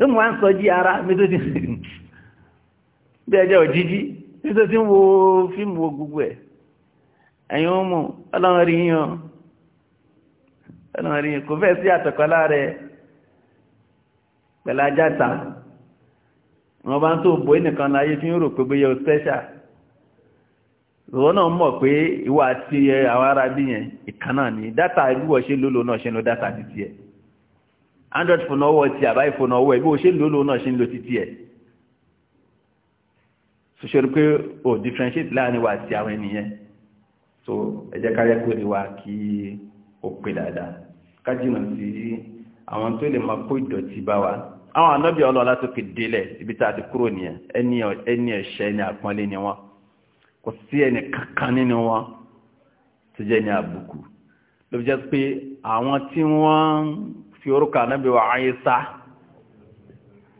ó mú wá ń sọ jí ara mi tó ti bí ẹjẹ́ òjíjí mi wo fíìmù wo gbogbo ẹ̀ ẹ̀yin ó mú ọlọ́run kò fẹ́ sí àtọ̀kọ́lá rẹ̀ bá ń tó ẹnìkan láyé fi ń rò pé mọ̀ pé àti àwọn yẹn ni dátà ìlú lólo náà ṣe ń dátà ti android fóònù ọwọ́ ti àbáyé fóònù ọwọ́ ẹ̀ bí o ṣe ń lò lòun náà ṣe ń lo títí ẹ̀ so ṣe rí pé o differentiate láàrin wa àti àwọn ènìyàn so ẹ jẹ́ ká yẹ kó lè wa kí ó pè dáadáa ká jìnnà sí àwọn tó lè máa kó ìdọ̀tí bá wa àwọn anábì ọlọ́ọ̀lá tó fi délẹ̀ ibi tá a ti kúrò nìyẹn ẹni ẹ̀ṣẹ̀ ni àpọ́nlé ni wọ́n kò sí ẹni kankan nínú wọn tó jẹ́ ní àbùkù ló jẹ́ pé àwọn tí wọ́n ń fi orúkọ ànábì wa Ìsá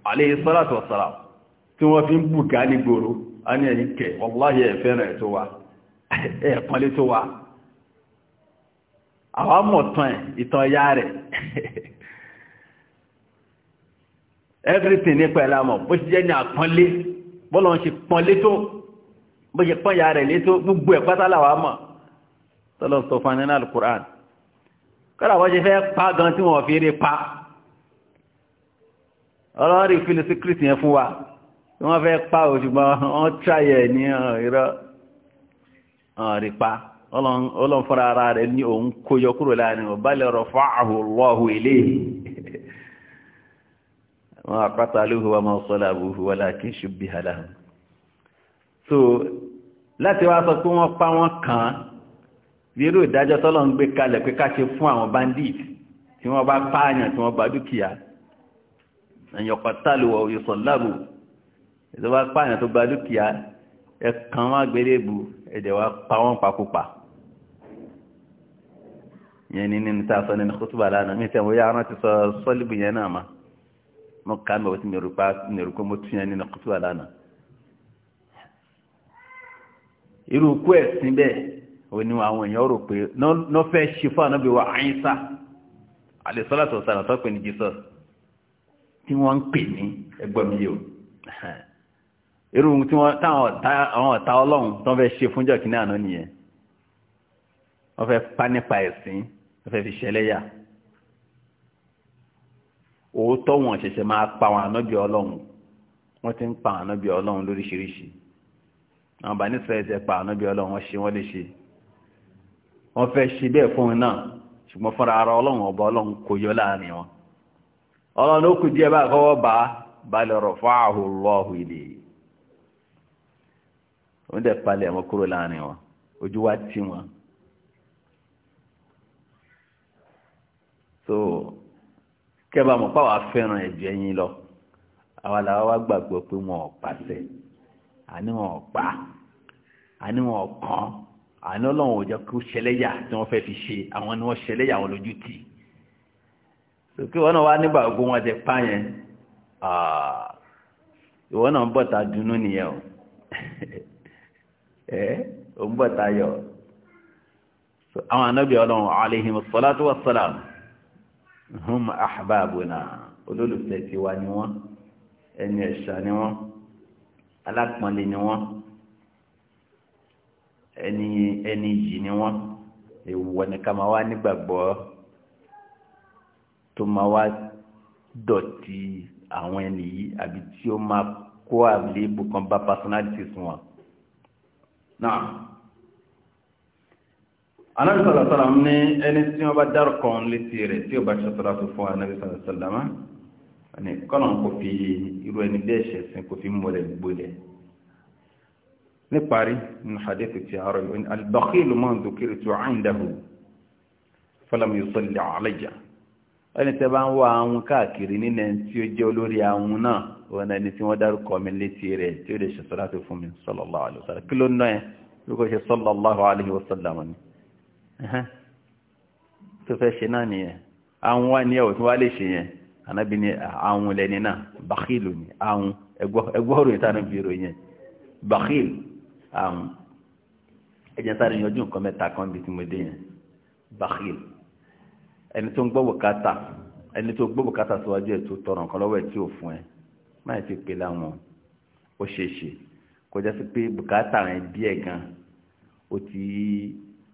alayhi salatu wa salam tí wọ́n fi ń bù ká ní gbòòrò a ní ẹ̀yìn kẹ wọ́láyé ẹ̀fẹ́ràn ẹ̀ tó wa ẹ̀ẹ̀pọ̀lé tó wa àwọn mọ̀tán ẹ̀ ìtàn ya rẹ̀ everything nípa ẹ̀lámọ̀ bó ṣe jẹ́ ní àpọ́nlé bọ́lọ̀ ń ṣe pọ́nlé tó bó ṣe pọ́n ya rẹ̀ létó gbogbo ẹ̀ pátálà wa mọ̀ tọ́lọ́ sọ fún anínáàlù Qur'an kọ́lá wọ́n ṣe fẹ́ pa gan tí wọ́n fi rí pa ọlọ́rí fílì sí kìrìsì yẹn fún wa tí wọ́n fẹ́ pa ò ṣùgbọ́n wọ́n tráyẹ̀ ní ìrọ́ rí pa ọlọ́n fọ́ra ara rẹ̀ ní òun kó yọ kúrò láàrin balẹ̀ rafa'ahu Allahu ilayhi ma qataluhu wa ma salabuhu walakin shubbiha lahum so láti wá sọ pé wọ́n pa wọ́n kàn án irú ìdájọ́ tọ́lọ̀ ń gbé kalẹ̀ pé ká ṣe fún àwọn bandit tí wọ́n bá pààyàn tí wọ́n bá dúkìá ẹ̀yọ̀kọ̀tàlù ọ̀yọ̀sọ̀lábù tó bá pààyàn tó bá dúkìá ẹ̀kan wá gbélébù ẹ̀dẹ̀ wá pa wọ́n pakópa yẹn ní nínú tá a sọ nínú kótóbà lánàá mi tẹ̀ wọ́n yá arántí sọ sọ́líbù yẹn náà mà òun ni àwọn èèyàn rò pé náà fẹ́ ṣe fún ànábì wa àyínsá àlèsọ́làtọ̀ ọ̀sán àtọ́ pè ní Jesus tí wọ́n ń pè ní ẹgbọ́n mi yìí o irú tí wọ́n táwọn ọ̀tá ọlọ́run tó fẹ́ ṣe fúnjọ́ kìíní àná nìyẹn wọ́n fẹ́ pa nípa ẹ̀sìn wọ́n fẹ́ fi ṣẹlẹ́yà òótọ́ wọn ṣẹ̀ṣẹ̀ máa pa àwọn ànábì ọlọ́run wọ́n ti ń pa àwọn ànábì ọlọ́run lóríṣiríṣi àwọn bá nísìlẹ̀ ti wọ́n fẹ́ ṣe bẹ́ẹ̀ fún un náà ṣùgbọ́n fún ara ọlọ́run ọba ọlọ́run kò yọ láàrin wọn ọlọ́run ó kù díẹ̀ bá kọ́wọ́ bá balẹ̀ rọ̀ fáàhù lọ́ọ̀hù ilé wọ́n dẹ̀ palẹ̀ wọn kúrò láàrin wọn ojú wa tì wọn. so kẹ́bà mọ̀ pàwọ́ afẹ́ràn ẹ̀jẹ̀ yín lọ àwọn làwa wá gbàgbọ́ pé wọn ò pàṣẹ àní wọn ò pa àní wọn ò kàn àná ọlọ́run ò jẹ́ kó ṣẹlẹ́yà tí wọ́n fẹ́ fi ṣe àwọn ni wọ́n ṣẹlẹ́yà wọn lójú tì sókè wọn náà wá nígbà gbogbo wọn ti pa yẹn ìwọ náà ń bọ̀ ta dunú nìyẹn o ẹ ò ń bọ̀ ta yọ àwọn anábì ọlọ́run alayhim salatu wa salam hum ahbabuna olólùfẹ́ tiwa ni wọ́n ẹni ẹ̀ṣà ni wọ́n alápọ̀nlé ni wọ́n ẹni ẹni yìí ni wọ́n èèwọ̀ nìkan máa wá nígbàgbọ́ tó máa wá dọ̀tí àwọn ẹni yìí àbí tí ó máa kó àléébù kan bá personalities wọn. náà anabi sọlá sọlá ń ní ẹni tí wọn bá dárúkọ ń létí rẹ tí ó bá ṣàtọlá tó fún anabi sọlá sọlá kọ́nà kò fi irú ẹni bẹ́ẹ̀ ṣẹ̀sìn kò fi mọ̀lẹ́ gbólẹ̀ níparí من حديث ti àárọ̀ البخيل albakhilu ذكرت عنده فلم يصلي yusalli alayya ẹni tẹ́ bá ń wá àwọn káàkiri nílẹ̀ tí ó jẹ́ olórí àwọn náà wọn ẹni tí wọ́n dárúkọ mi létí rẹ̀ tí ó lè ṣe sọ́lá tó fún mi sallallahu alaihi wasallam kí ló ná ẹ ló kọ́ ṣe sallallahu alaihi wasallam ni tó fẹ́ ṣe náà nìyẹn àwọn wá ní ẹ̀wọ̀ tí wọ́n lè ṣe yẹn ànábi ni àwọn lẹ́ni náà bàkìlù ni àwọn ẹgbọ́rò ìtànàbí ìròyìn bàkìlù Um, ẹ̀jẹ̀ sáré yanjú nǹkan mẹ́ta kan bí tí mo dé yẹn bakhil ẹni tó ń gbọ́ bùkátà ẹni tó gbọ́ bùkátà síwájú ẹ̀ tó tọrọ nǹkan lọ́wọ́ ẹ̀ tí ò fún ẹ máa ti pè láwọn ó ṣe é ṣe kó jẹ́ sí pé bùkátà rẹ̀ díẹ̀ gan ó ti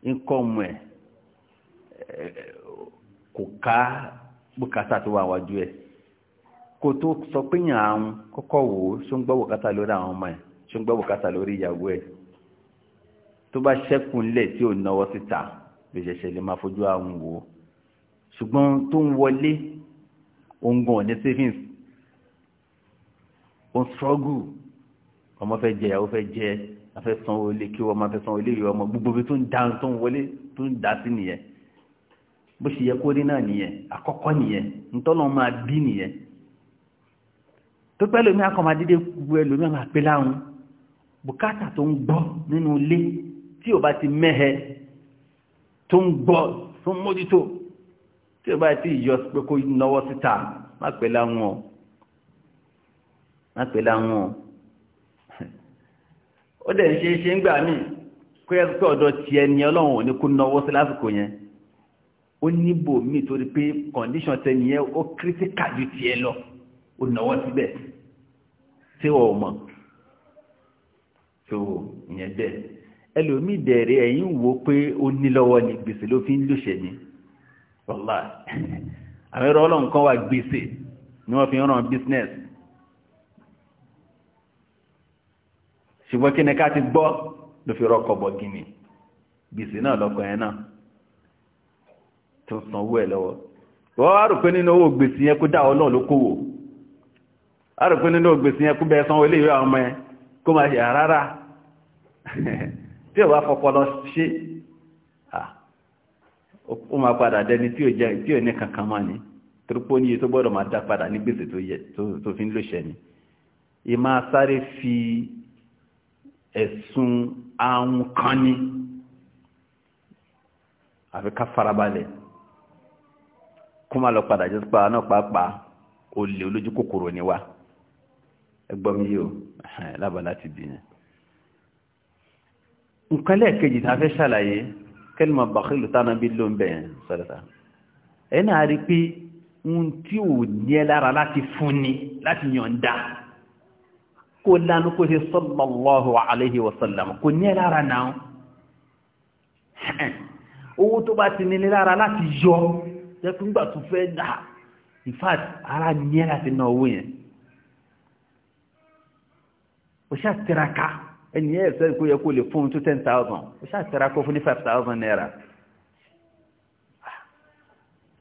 ń kọ́ mu ẹ̀ kò ká bùkátà tó wà wájú ẹ̀ kó tó sọ pé yàn án kọ́kọ́ wò ó ṣó ń gbọ́ bùkátà lórí àwọn ọmọ ẹ̀ tó ń gbọ́ bùkátà lórí ìyàwó ẹ̀ tó bá ṣẹ́kù ńlẹ̀ tí ò náwó síta ló ṣẹ̀ṣẹ̀ lè máa fojú àwọn wò ó ṣùgbọ́n tó ń wọlé òǹgàn ní savings ó ń struggle ọmọ fẹ́ jẹ ìyàwó fẹ́ jẹ afẹ́ sanwó ilé kí wọ́n máa fẹ́ sanwó ilé ìwé ọmọ gbogbo bí tó ń da tó ń wọlé tó ń da sí nìyẹn bó ṣe yẹ kó rí náà nìyẹn àkọ́kọ́ nìyẹn ntọ́nà máa bí nìyẹn tó pẹ́ lómi akọ́ máa dédé gbogbo ẹlòmí àwọn àpélárun bùkátà tó ń gbọ́ nínú ilé tí ò bá ti mẹ́hẹ tó ń gbọ́ tó ń mójútó tí ò bá ti yọ pé kó náwó síta má pè láwọn o má pè láwọn o ó dẹ̀ ń ṣe ṣe ń gbà míì kó yẹ pé ọ̀dọ̀ tiẹ̀ ni ọlọ́run ò ní kó náwó sí lásìkò yẹn ó níbò míì torí pé kọ̀ǹdíṣọ̀n tẹ̀ nìyẹn ó kírísíkà ju tiẹ̀ lọ ó náwó síbẹ̀ tí wọ́n mọ̀ so ìyẹn bẹ́ẹ̀ ẹlòmíì dẹ̀rẹ̀ ẹ̀yìn wo pé ó ní lọ́wọ́ ni gbèsè ló fi ń lòṣẹ̀ ni wàlá àwọn ẹ̀rọ ọlọ́run kan wà gbèsè ni wọ́n fi ń ràn business ṣùgbọ́n kí ni ká ti gbọ́ ló fi rọ́kọ̀ bọ̀ gíní gbèsè náà lọ́kọ̀ yẹn náà tó sanwó ẹ̀ lọ́wọ́ wọ́n á rò pé nínú owó gbèsè yẹn kó dá ọlọ́run ló kówó á rò pé nínú owó gbèsè yẹn kó bẹ́ẹ̀ sanwó ilé àwọn ọmọ yẹn kó máa yà rárá tí ò bá fọpọlọ ṣe ó máa padà dẹni tí ò jẹ́ tí ò ní kankan máa ní torípó ní tó gbọ́dọ̀ máa dá padà ní gbèsè tó fi ń lò ṣẹ́ ni ìmá sáré fi ẹ̀sùn ahun kan ní àfi ká farabalẹ̀ kó máa lọ padà jẹ́ pàánà pàápàá olè olójú kòkòrò ni wa ẹgbọ́n yìí o lábàlá ti bì yẹn nǹkan lẹ́ẹ̀kejì tá a fẹ́ ṣàlàyé kẹ́lìmọ̀ bàkìlù tánà bí ló ń bẹ̀ yẹn sọ́dọ̀ta ẹ̀ náà rí pé ohun tí ò ní ẹ lára láti fúnni láti yọ̀ǹda kó lánú kó ṣe sallallahu alaihi wa kò ní ẹ lára náà owó tó bá ti nílé lára láti yọ jẹ́ fúngbà tó fẹ́ dà in fact ara ní ẹ láti ná owó yẹn ó ṣá tiraka ẹni yẹ́ ẹ̀sẹ́ kó yẹ kó lè fún tó 10,000 ó ṣá tiraka fún ní 5,000 naira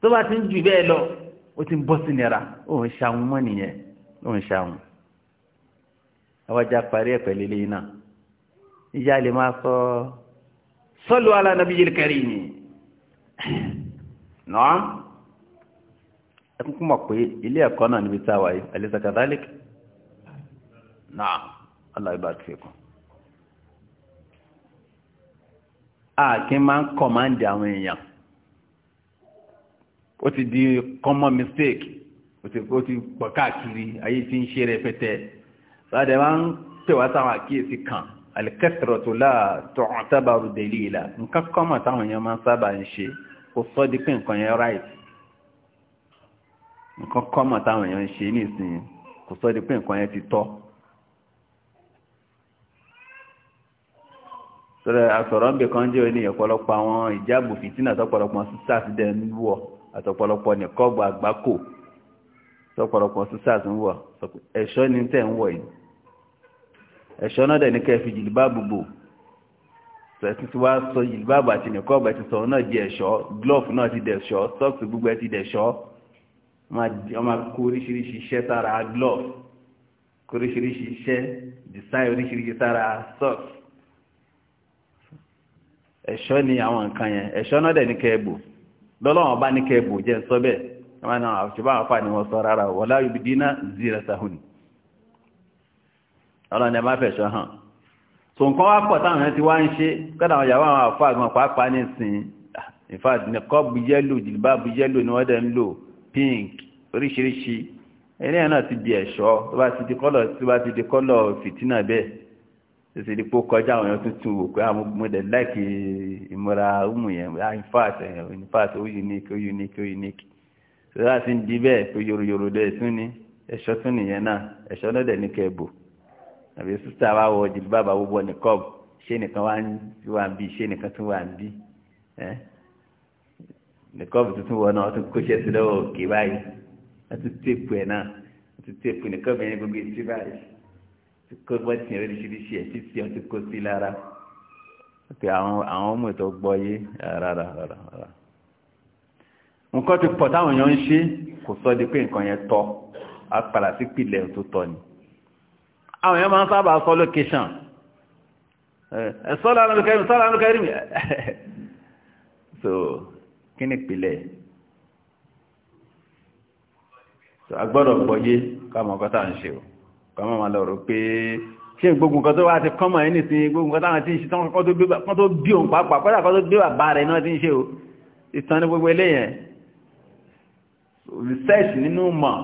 tó bá ti ń jù bẹ́ẹ̀ lọ ó ti ń bọ́ sí naira ó ń ṣàwọn mọ́ nìyẹn ó ń ṣàwọn àwájá parí ẹ̀ pẹ̀lú ilé náà ìyá lè máa sọ sallu ala nabiyil karim náà ẹkùnkùn mọ̀ pé ilé ẹ̀kọ́ náà níbi táwa yìí alẹ́sàkàdálẹ́kì náà Allah ibarik fikum ààkín máa ń kọ̀máǹdì àwọn èèyàn ó ti di common mistake ó ti ó ti pọ̀ káàkiri ayé tí ń ṣe rẹpẹtẹ sáàdẹ máa ń tẹ̀wá sáwọn àkíyèsí kan al-kathratu la tu'tabaru dalila nǹkan kọ́mọ̀ táwọn èèyàn máa ń sábà ń ṣe kò sọ́ di pé nǹkan yẹn right nǹkan kọ́mọ̀ táwọn èèyàn ń ṣe nísìnyí kò sọ́ di pé nǹkan yẹn ti tọ́ sọ̀rọ̀ àsọ̀rọ̀ ń bẹ kan jẹ́ ní ọ̀pọ̀lọpọ̀ àwọn ìjáàbù fìtínà tọ́pọ̀lọpọ̀ sísàs dẹ̀ ń wọ̀ àtọ̀pọ̀lọpọ̀ ní kọ́ọ̀bù àgbákò tọ́pọ̀lọpọ̀ sísàs ń wọ̀ ẹ̀ṣọ́ ní tẹ̀ ń wọ̀ yìí ẹ̀ṣọ́ náà dẹ̀ ní kẹ́ fi jìlìbáàbù bò sọ̀rọ̀ glove náà ti socks gbogbo ẹ̀ ti dẹ̀ṣọ́ ọmọ kó glove kó oríṣiríṣi iṣẹ́ design oríṣiríṣi sára socks ẹ̀ṣọ́ ni àwọn nǹkan yẹn ẹ̀ṣọ́ náà dẹ̀ ní kẹ́ẹ̀bù lọ́lọ́wọ́n bá ní kẹ́ẹ̀bù jẹ́ sọ bẹ́ẹ̀ wọ́n náà àṣìbá àfà ni wọ́n sọ rárá wọ́n láyé ibi dínà zira sahun ọlọ́run ẹ̀ má fẹ̀ṣọ́ hàn so nǹkan wá pọ̀ táwọn ti wá ń ṣe kọ́dà àwọn yàrá àwọn àfà gan pàápàá ní sìn in fact ní kọ́ọ̀bù yẹ́lò jìlbáàbù yẹ́lò ni wọ́n dẹ̀ ń pink oríṣiríṣi ẹni náà ti di ẹ̀ṣọ́ tó bá ti di tètè di pé ó kọjá àwọn èèyàn tuntun wò pé àwọn ah, mọ̀dẹ̀ láìkì ìmọ̀ra ọmọ yẹn ah, in fact eh, in fact ó unique ó unique ó unique tó láti ń di bẹ́ẹ̀ pé yòròyòrò dẹ̀ tún ni ẹ̀ṣọ́ tún nìyẹn náà ẹ̀ṣọ́ náà dẹ̀ ní kẹ́ẹ̀bù àbí sísá wa wọ jìlì bàbá wọ́bọ̀ ní cob ṣé nìkan wá ń wà ń bí ṣé nìkan tún wà ń bí ẹ́ ní cob tuntun wọ náà wọ́n tún kóṣẹ́ sí kó gbọ́ tí oríṣiríṣi ẹ̀ tí tí wọ́n ti kó sí lára pé àwọn àwọn ọmọ ètò gbọ́yé rárá rárá rárá nǹkan ti pọ̀ táwọn èèyàn ń ṣe kò sọ di pé nǹkan yẹn tọ́ apàlà sí pìlẹ̀ tó tọ́ ni àwọn èèyàn máa ń sábà sọ location ẹ sọ́lá alùkẹ́rì sọ́lá alùkẹ́rì mi so kí ni pìlẹ̀ so agbọ́dọ̀ gbọ́yé káwọn ọkọ̀ tá à ń ṣe o kọ́mọ máa lọ rò pé ṣé gbogbo nǹkan tó wá ti kọ́mọ ẹni sí gbogbo nǹkan táwọn tí ń ṣe tán kọ́ tó bí òun pàápàá kọ́dà kọ́ tó bí bàbá rẹ̀ náà ti ń ṣe o ìtàn ní gbogbo eléyẹn research nínú mọ̀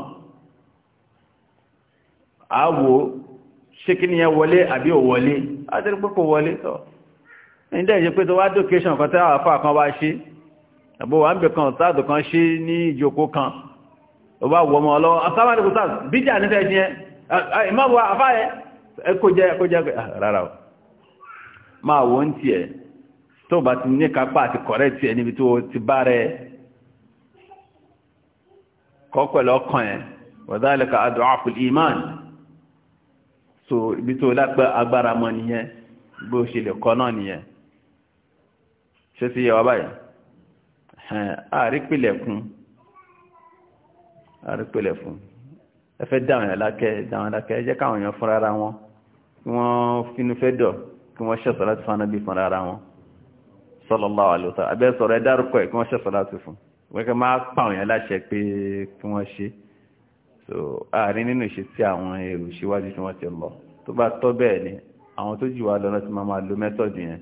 àwò ṣé kí nìyẹn wọlé àbí ò wọlé á ti rí pé kò wọlé tọ́ ní dẹ́ ìṣẹ́ pé tó wá dókèṣàn kan tẹ́wàá fà kan bá ṣe àbò wà ń bè kan ọ̀sáàdù kan ṣe ní ìjókòó kan ọba wọ́mọ́ ọlọ́wọ́ asáwádìí kò bíjà nífẹ̀ẹ́ ìmọ̀wò ah, ah, àfáyẹ kò jẹ́ kò jẹ́ ah, rárá o máa wọ́n tí ẹ̀ tó bá ti ní kápá àti kọ̀rẹ́ tí ẹ̀ níbi tó ti bá rẹ̀ kọ́ pẹ̀lú ọkàn ẹ̀ wọ̀dálẹ̀ka adọ́àfùl iman so ibi tó lápẹ́ agbára mọ́ nìyẹn bó ṣe lè kọ́ náà nìyẹn ṣe sí yẹ wá báyìí àrípìlẹ̀ fún àrípìlẹ̀ fún ẹfẹ́ dáwọn èèyàn lákẹ́ dáwọn lákẹ́ ẹjẹ́ káwọn èèyàn fúnra ara wọn kí wọ́n finú fẹ́ dọ̀ kí wọ́n ṣẹ̀sọ̀ láti fún anábì fúnra ara wọn sallallahu alaihi wasallam abẹ́ sọ̀rọ̀ ẹ dárúkọ ẹ̀ kí wọ́n ṣẹ̀sọ̀ láti fún wẹ́kẹ́ máa pàwọn èèyàn láṣẹ pé kí wọ́n ṣe so àárín nínú ìṣe tí àwọn èrò síwájú tí wọ́n ti lọ tó bá tọ́ bẹ́ẹ̀ ni àwọn tó jù wá lọ́nà ti máa máa lo mẹ́tọ̀dù yẹn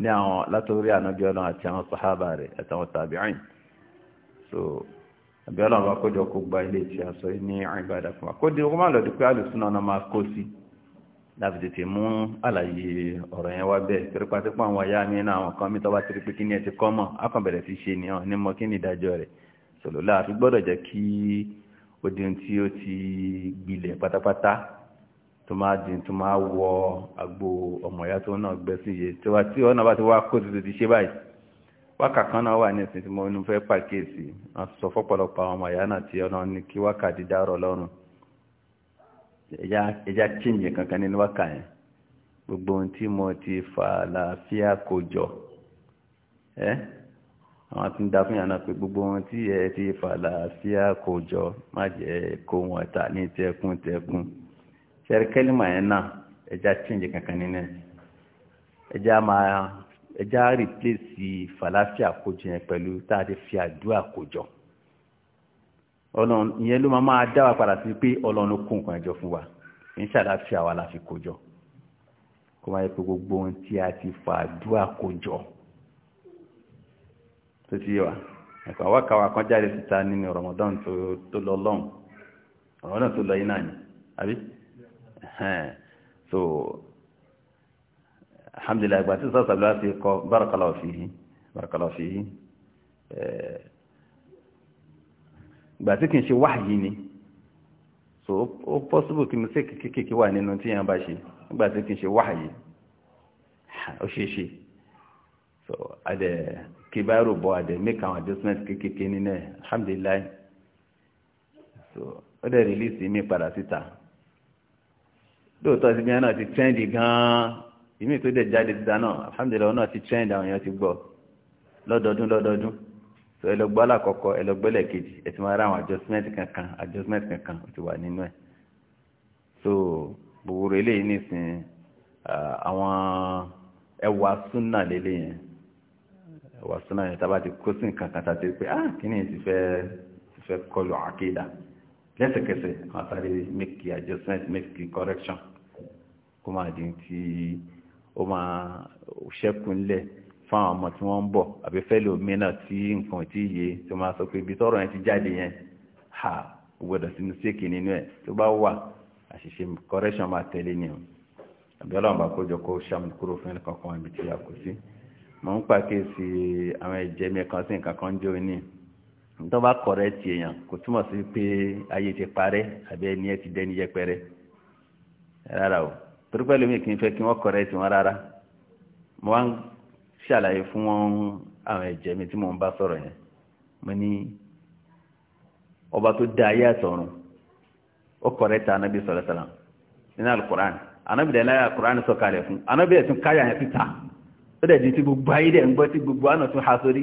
ní àwọn látọ̀rí ànábì ọlọ́run àti àwọn sàhábà rẹ̀ àtàwọn tàbíìn so àbí ọlọ́run bá kójọ kó gba ilé ìtì àṣọ ní àìbàdà fún wa kó di ọkọ́ máa lọ́dí pé alùsùn náà máa kó sí láti tètè mú àlàyé ọ̀rọ̀ yẹn wá bẹ́ẹ̀ tìrìpàtìpọ̀ àwọn ayá mi náà àwọn kan mi tọ́wá ti pé kí ni ẹ ti kọ́ mọ̀ akọ̀bẹ̀rẹ̀ ti ṣe nìyàn ní mọ kí ni ìdájọ́ rẹ̀ sòlò láàfin gbọ́dọ̀ jẹ́ kí ó di ohun tí ó ti gbilẹ̀ pátápátá tó máa di tó máa wọ àgbo ọmọ ìyá tó náà gbẹ́sìyè tí wọ́n bá ti wá kó tuntun ti ṣe báyìí wákà kan náà wà ní ìsìn tí mo ní fẹ́ pàkíyèsí wọ́n sọ fọ́pọ̀lọpọ̀ àwọn ọmọ ìyá náà tí ọ̀nà ní kí wákà dídárọ̀ lọ́rùn ẹja chíǹjì kankan nínú wákà yẹn gbogbo ohun tí mo ti fà láàfíà kò jọ ẹ́ àwọn tí ń da fún yàrá pé gbogbo ohun tí ẹ ti fà láàfíà kò jọ má jẹ́ kó wọn ta ní tẹkùn tẹkùn ṣẹ́rí yẹn náà ẹja chíǹjì kankan nínú ẹja máa ẹja rìpléṣì fàlàfíà àkójọ yẹn pẹ̀lú tá a ti fi àdúrà àkójọ ọlọ́run ìyẹn ló máa máa dá wa padà sí pé ọlọ́run kó nǹkan ẹjọ́ fún wa ìṣàlá fi àwa la fi kójọ kó máa yẹ pé gbogbo ohun tí a ti fa àdúrà kójọ tó ti wà ẹ̀kọ́ àwákàwà kan jáde síta nínú Ramadan tó lọ lọ́hùn Ramadan tó lọ yín náà ni àbí so alhamdulillah ìgbà tí sọ́sọ́ bí wá ti kọ barakallahu fihi barakallahu fihi eh, ìgbà tí ṣe wáyìí ni so ó possible kí mistake kékèké wà nínú tí yẹn bá ṣe nígbà tí kì í ṣe wáyìí ó ṣe ṣe so adẹ kí báyìí bọ adẹ make àwọn adjustment kékèké nínú ẹ alhamdulillah so ó dẹ̀ release mi padà síta lóòótọ́ sí bí náà ti trendy gan-an ìmí tó dẹ̀ jáde ti dáná alhamdulillah ọ̀nà ti trend àwọn èèyàn ti gbọ́ lọ́dọọdún lọ́dọọdún so ẹlọgbọ́ alákọ̀ọ́kọ́ ẹlọgbọ́lẹ̀ kejì ẹ ti máa rá àwọn adjustment kankan adjustment kankan ó ti wà nínú ẹ̀ so gbogbo eléyìí nìsín àwọn ẹwà súnà lélẹ̀ yẹn ẹwà súnà yẹn tábà ti kó sí nǹkan kan tàbí pé ah kí ni ti fẹ́ ti fẹ́ kọlu àkídà lẹ́sẹ̀kẹsẹ̀ àwọn àtàrí make adjustment make correction kó máa dín tí. ó máa ṣẹ́kùnlẹ̀ fáwọn ọmọ tí wọ́n ń bọ̀ àbí fẹ́lẹ̀ omi náà tí nǹkan tí yé tó máa sọ pé ibi yẹn ti jáde yẹn ha gbọ́dọ̀ nínú ẹ̀ tó o àbí ọlọ́run bá kójọ kó ṣàmùkúrò fún ẹnìkan kan ibi tí a kò sí mo ń pàkíyèsí àwọn ẹ̀jẹ̀ mi kan sí nǹkan kan jẹ́ òní tó bá correct èèyàn kò túmọ̀ sí pé ayé ti parẹ́ àbí ẹni ẹ torí pẹ̀lú mi kì í fẹ́ kí wọ́n kọ̀rẹ́ tí wọ́n rárá mo wá ń ṣàlàyé fún wọn àwọn ẹ̀jẹ̀ mi tí ń bá sọ̀rọ̀ ọba tó da ayé àtọ̀run ó kọ̀rẹ́ ta anábì sọ̀rọ̀ sàlám nínú alukur'an anábì dẹ̀ náà alukur'an sọ̀kalẹ̀ fún anábì ẹ̀sùn káyà yẹn síta ó dẹ̀ di ti gbogbo ayé dẹ̀ ń ha sórí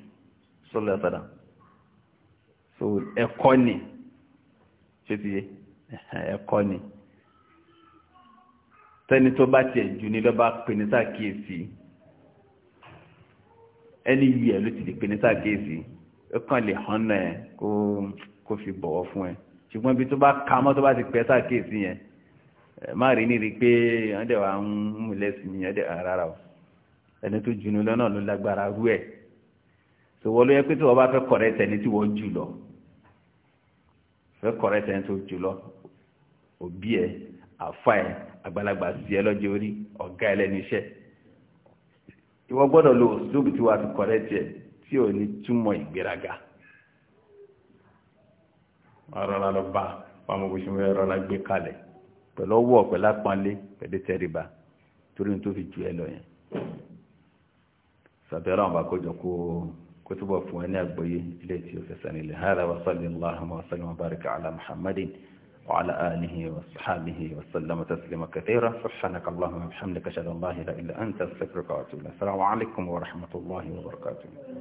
sọ́lọ́ ẹ̀sọ́dà so ẹ̀kọ́ ni ṣé ti yé ẹ̀kọ́ ni tẹ́ni tó bá tiẹ̀ jù ní lọ́ba pè ní sàkíyèsí ẹni yìí ẹ̀ ló ti lè pè ní sàkíyèsí ó kàn lè hàn náà ẹ̀ kó kó fi bọ̀wọ̀ fún ẹ ṣùgbọ́n ibi tó bá ka mọ́ tó bá ti pẹ́ sàkíyèsí yẹn má rí ní rí pé wọ́n dẹ̀ wá ń múlẹ̀ sí ni wọ́n dẹ̀ rárá o ẹni tó jù ní lọ́nà ló lágbára rú ẹ̀ sọwọ́ ló yẹ pé tí wọ́n bá fẹ́ kọ̀rẹ́ tẹni tí wọ́n jù lọ fẹ́ kọ̀rẹ́ tẹni tó jù lọ òbí ẹ àfa ẹ àgbàlagbà sí ẹ lọ́jọ́ orí ọ̀gá ẹ lẹ́nu iṣẹ́ ìwọ gbọ́dọ̀ lo òṣùlùbù tí wọ́n fi kọ̀rẹ́ tiẹ̀ tí ò ní túmọ̀ ìgbéraga rọra lọ bá pàmò bó ṣe ń rọra gbé kalẹ̀ pẹ̀lú ọwọ́ pẹ̀lú apánlé pẹ̀lú tẹríba torí ní tó fi ju ẹ lọ yẹn sàbẹ̀rẹ̀ àwọn bá kó kó كتب وفواني أكبري ليتي وكساني لهذا وصلي اللهم وسلم وبارك على محمد وعلى آله وصحابه وسلم تسليما كثيرا سبحانك اللهم وبحمدك أشهد أن لا إله إلا أنت أستغفرك وأتوب إليك السلام عليكم ورحمة الله وبركاته